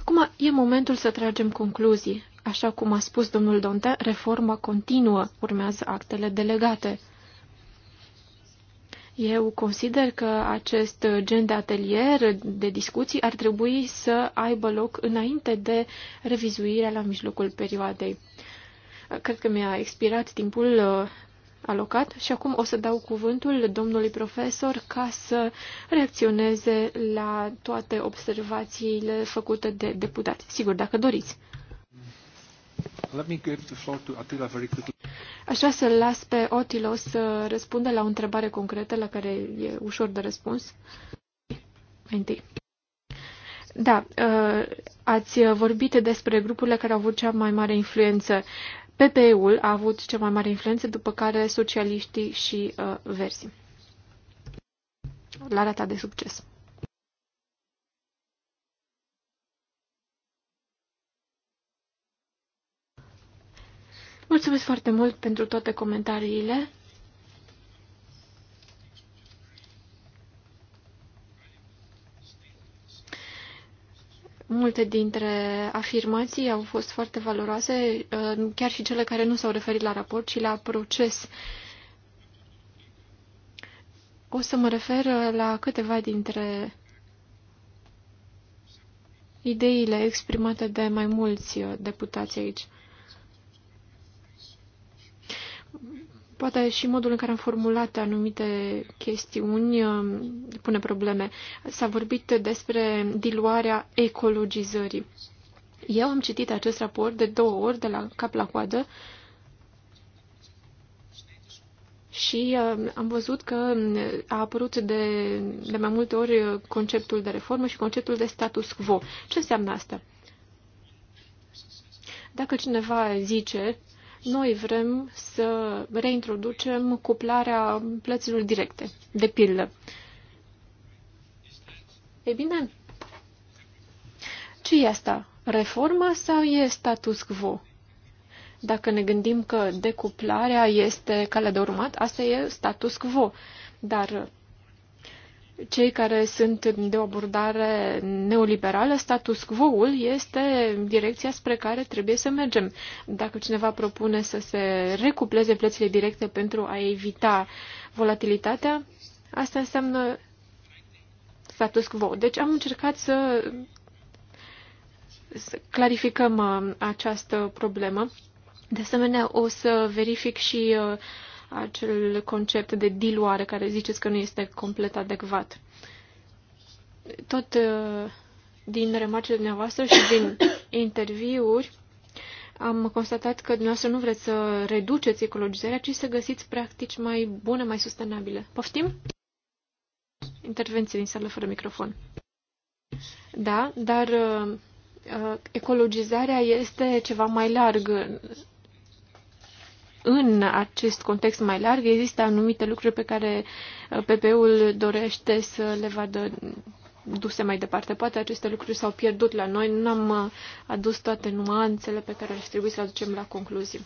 Acum e momentul să tragem concluzii. Așa cum a spus domnul Donte, reforma continuă urmează actele delegate. Eu consider că acest gen de atelier, de discuții, ar trebui să aibă loc înainte de revizuirea la mijlocul perioadei. Cred că mi-a expirat timpul uh, alocat și acum o să dau cuvântul domnului profesor ca să reacționeze la toate observațiile făcute de deputați. Sigur, dacă doriți. Let me give the floor to Attila very quickly. Aș vrea să-l las pe Otilo să răspundă la o întrebare concretă la care e ușor de răspuns. Mai întâi. Da, uh, ați vorbit despre grupurile care au avut cea mai mare influență. PPE-ul a avut cea mai mare influență, după care socialiștii și uh, verzi. La rata de succes. Mulțumesc foarte mult pentru toate comentariile. Multe dintre afirmații au fost foarte valoroase, chiar și cele care nu s-au referit la raport, ci la proces. O să mă refer la câteva dintre ideile exprimate de mai mulți deputați aici. Poate și modul în care am formulat anumite chestiuni um, pune probleme. S-a vorbit despre diluarea ecologizării. Eu am citit acest raport de două ori, de la cap la coadă, și uh, am văzut că um, a apărut de, de mai multe ori conceptul de reformă și conceptul de status quo. Ce înseamnă asta? Dacă cineva zice noi vrem să reintroducem cuplarea plăților directe, de pildă. Ei bine, ce e asta? Reforma sau e status quo? Dacă ne gândim că decuplarea este calea de urmat, asta e status quo. Dar cei care sunt de o abordare neoliberală, status quo-ul este direcția spre care trebuie să mergem. Dacă cineva propune să se recupleze plățile directe pentru a evita volatilitatea, asta înseamnă status quo. Deci am încercat să, să clarificăm uh, această problemă. De asemenea, o să verific și uh, acel concept de diluare care ziceți că nu este complet adecvat. Tot uh, din remarcile dumneavoastră și din interviuri am constatat că dumneavoastră nu vreți să reduceți ecologizarea, ci să găsiți practici mai bune, mai sustenabile. Poftim? Intervenție din sală fără microfon. Da, dar uh, uh, ecologizarea este ceva mai larg în acest context mai larg există anumite lucruri pe care uh, PP-ul dorește să le vadă duse mai departe. Poate aceste lucruri s-au pierdut la noi, nu am uh, adus toate nuanțele pe care ar trebui să le aducem la concluzii.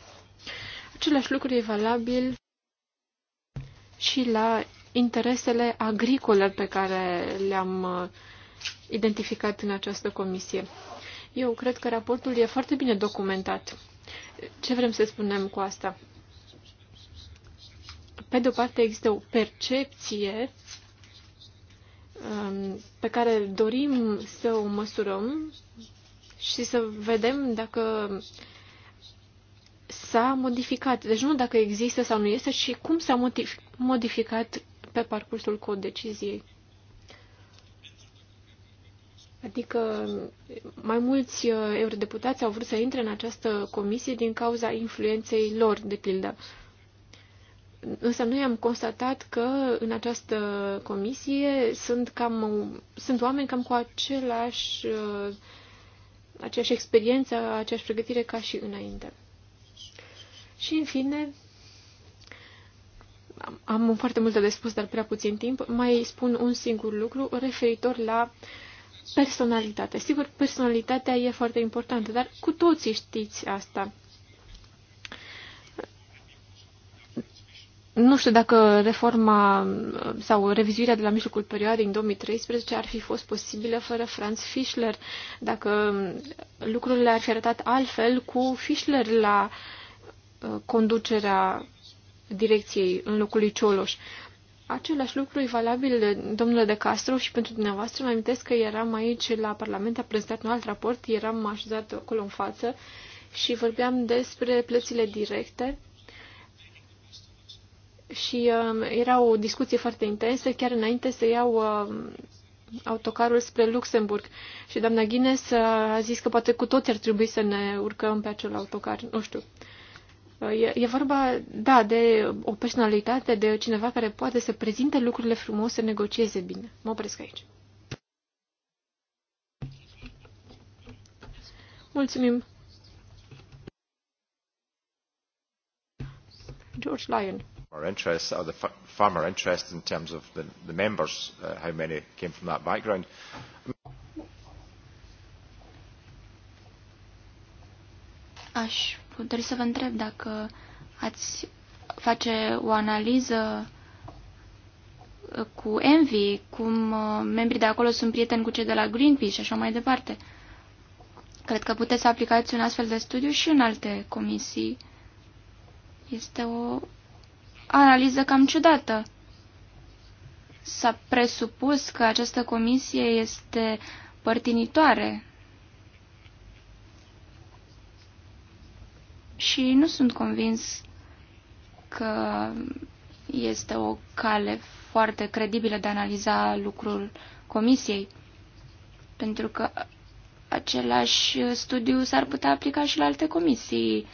Același lucru e valabil și la interesele agricole pe care le-am uh, identificat în această comisie. Eu cred că raportul e foarte bine documentat ce vrem să spunem cu asta? Pe de o parte există o percepție um, pe care dorim să o măsurăm și să vedem dacă s-a modificat. Deci nu dacă există sau nu este, ci cum s-a modificat pe parcursul codeciziei. Adică mai mulți uh, eurodeputați au vrut să intre în această comisie din cauza influenței lor, de pildă. Însă noi am constatat că în această comisie sunt, cam, sunt oameni cam cu același, uh, aceeași experiență, aceeași pregătire ca și înainte. Și în fine, am foarte multe de spus, dar prea puțin timp, mai spun un singur lucru referitor la uh, personalitate. Sigur, personalitatea e foarte importantă, dar cu toții știți asta. Nu știu dacă reforma uh, sau revizuirea de la mijlocul perioadei în 2013 ar fi fost posibilă fără Franz Fischler, dacă um, lucrurile ar fi arătat altfel cu Fischler la uh, conducerea direcției în locul lui Cioloș. Același lucru e valabil, domnule de Castro, și pentru dumneavoastră. Mă amintesc că eram aici la Parlament, a prezentat un alt raport, eram așezat acolo în față și vorbeam despre plățile directe și uh, era o discuție foarte intensă chiar înainte să iau uh, autocarul spre Luxemburg și doamna Guinness uh, a zis că poate cu toți ar trebui să ne urcăm pe acel autocar, nu știu. Uh, E, e vorba, da, de o personalitate, de cineva care poate să prezinte lucrurile frumos, să negocieze bine. Mă opresc aici. Mulțumim. George Lyon. Our interests are the farmer interests in terms of the, the members, uh, how many came from that background. Aș putea să vă întreb dacă ați face o analiză uh, cu Envy, cum uh, membrii de acolo sunt prieteni cu cei de la Greenpeace și așa mai departe. Cred că puteți să aplicați un astfel de studiu și în alte comisii. Este o analiză cam ciudată. S-a presupus că această comisie este părtinitoare și nu sunt convins că este o cale foarte credibilă de a analiza lucrul comisiei, pentru că același studiu s-ar putea aplica și la alte comisii,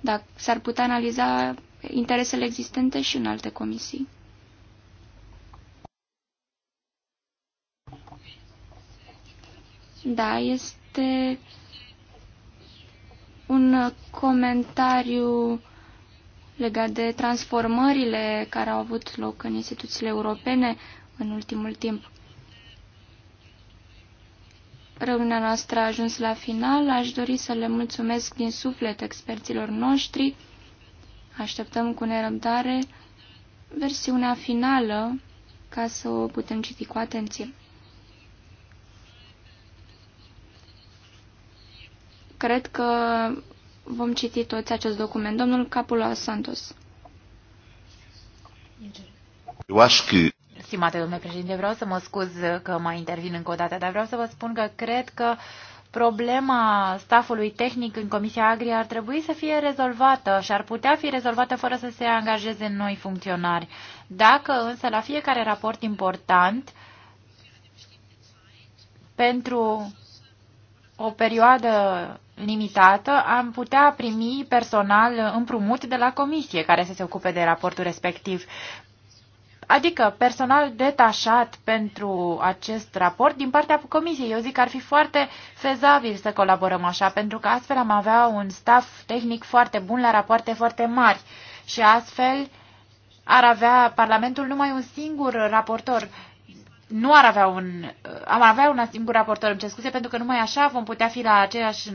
dacă s-ar putea analiza interesele existente și în alte comisii. Da, este un comentariu legat de transformările care au avut loc în instituțiile europene în ultimul timp. Reuniunea noastră a ajuns la final. Aș dori să le mulțumesc din suflet experților noștri. Așteptăm cu nerăbdare versiunea finală ca să o putem citi cu atenție. Cred că vom citi toți acest document. Domnul Capula Santos. Eu acho Stimate domnule președinte, vreau să mă scuz că mai intervin încă o dată, dar vreau să vă spun că cred că problema stafului tehnic în Comisia Agri ar trebui să fie rezolvată și ar putea fi rezolvată fără să se angajeze noi funcționari. Dacă însă la fiecare raport important pentru o perioadă limitată, am putea primi personal împrumut de la comisie care să se ocupe de raportul respectiv. Adică personal detașat pentru acest raport din partea comisiei. Eu zic că ar fi foarte fezabil să colaborăm așa, pentru că astfel am avea un staff tehnic foarte bun la rapoarte foarte mari și astfel ar avea Parlamentul numai un singur raportor nu ar avea un... Uh, am avea un singur raportor, îmi cer scuze, pentru că numai așa vom putea fi la aceeași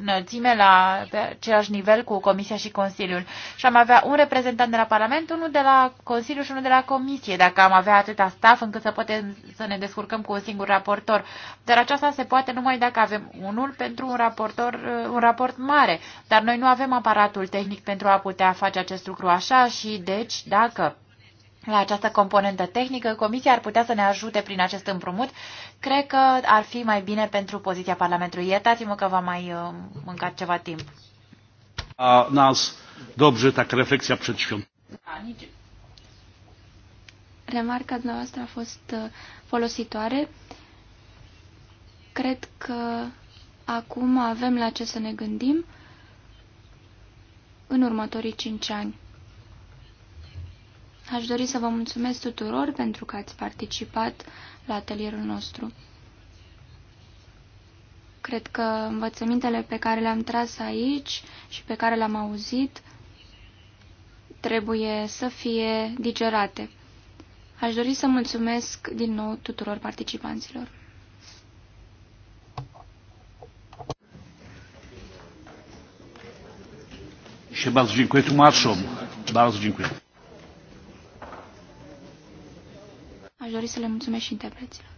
înălțime, la pe același nivel cu Comisia și Consiliul. Și am avea un reprezentant de la Parlament, unul de la Consiliu și unul de la Comisie, dacă am avea atâta staff încât să putem să ne descurcăm cu un singur raportor. Dar aceasta se poate numai dacă avem unul pentru un, raportor, uh, un raport mare. Dar noi nu avem aparatul tehnic pentru a putea face acest lucru așa și, deci, dacă la această componentă tehnică. Comisia ar putea să ne ajute prin acest împrumut. Cred că ar fi mai bine pentru poziția Parlamentului. Iertați-mă că v-am mai uh, mâncat ceva timp. A nas dobrze tak reflexia przed świąt. Da, nici... Remarca dumneavoastră a fost uh, folositoare. Cred că acum avem la ce să ne gândim în următorii cinci ani. Aș dori să vă mulțumesc tuturor pentru că ați participat la atelierul nostru. Cred că învățămintele pe care le-am tras aici și pe care le-am auzit trebuie să fie digerate. Aș dori să mulțumesc din nou tuturor participanților. Și bardzo dziękuję tłumaczom. Bardzo dziękuję. Aș dori să le mulțumesc și interpreților.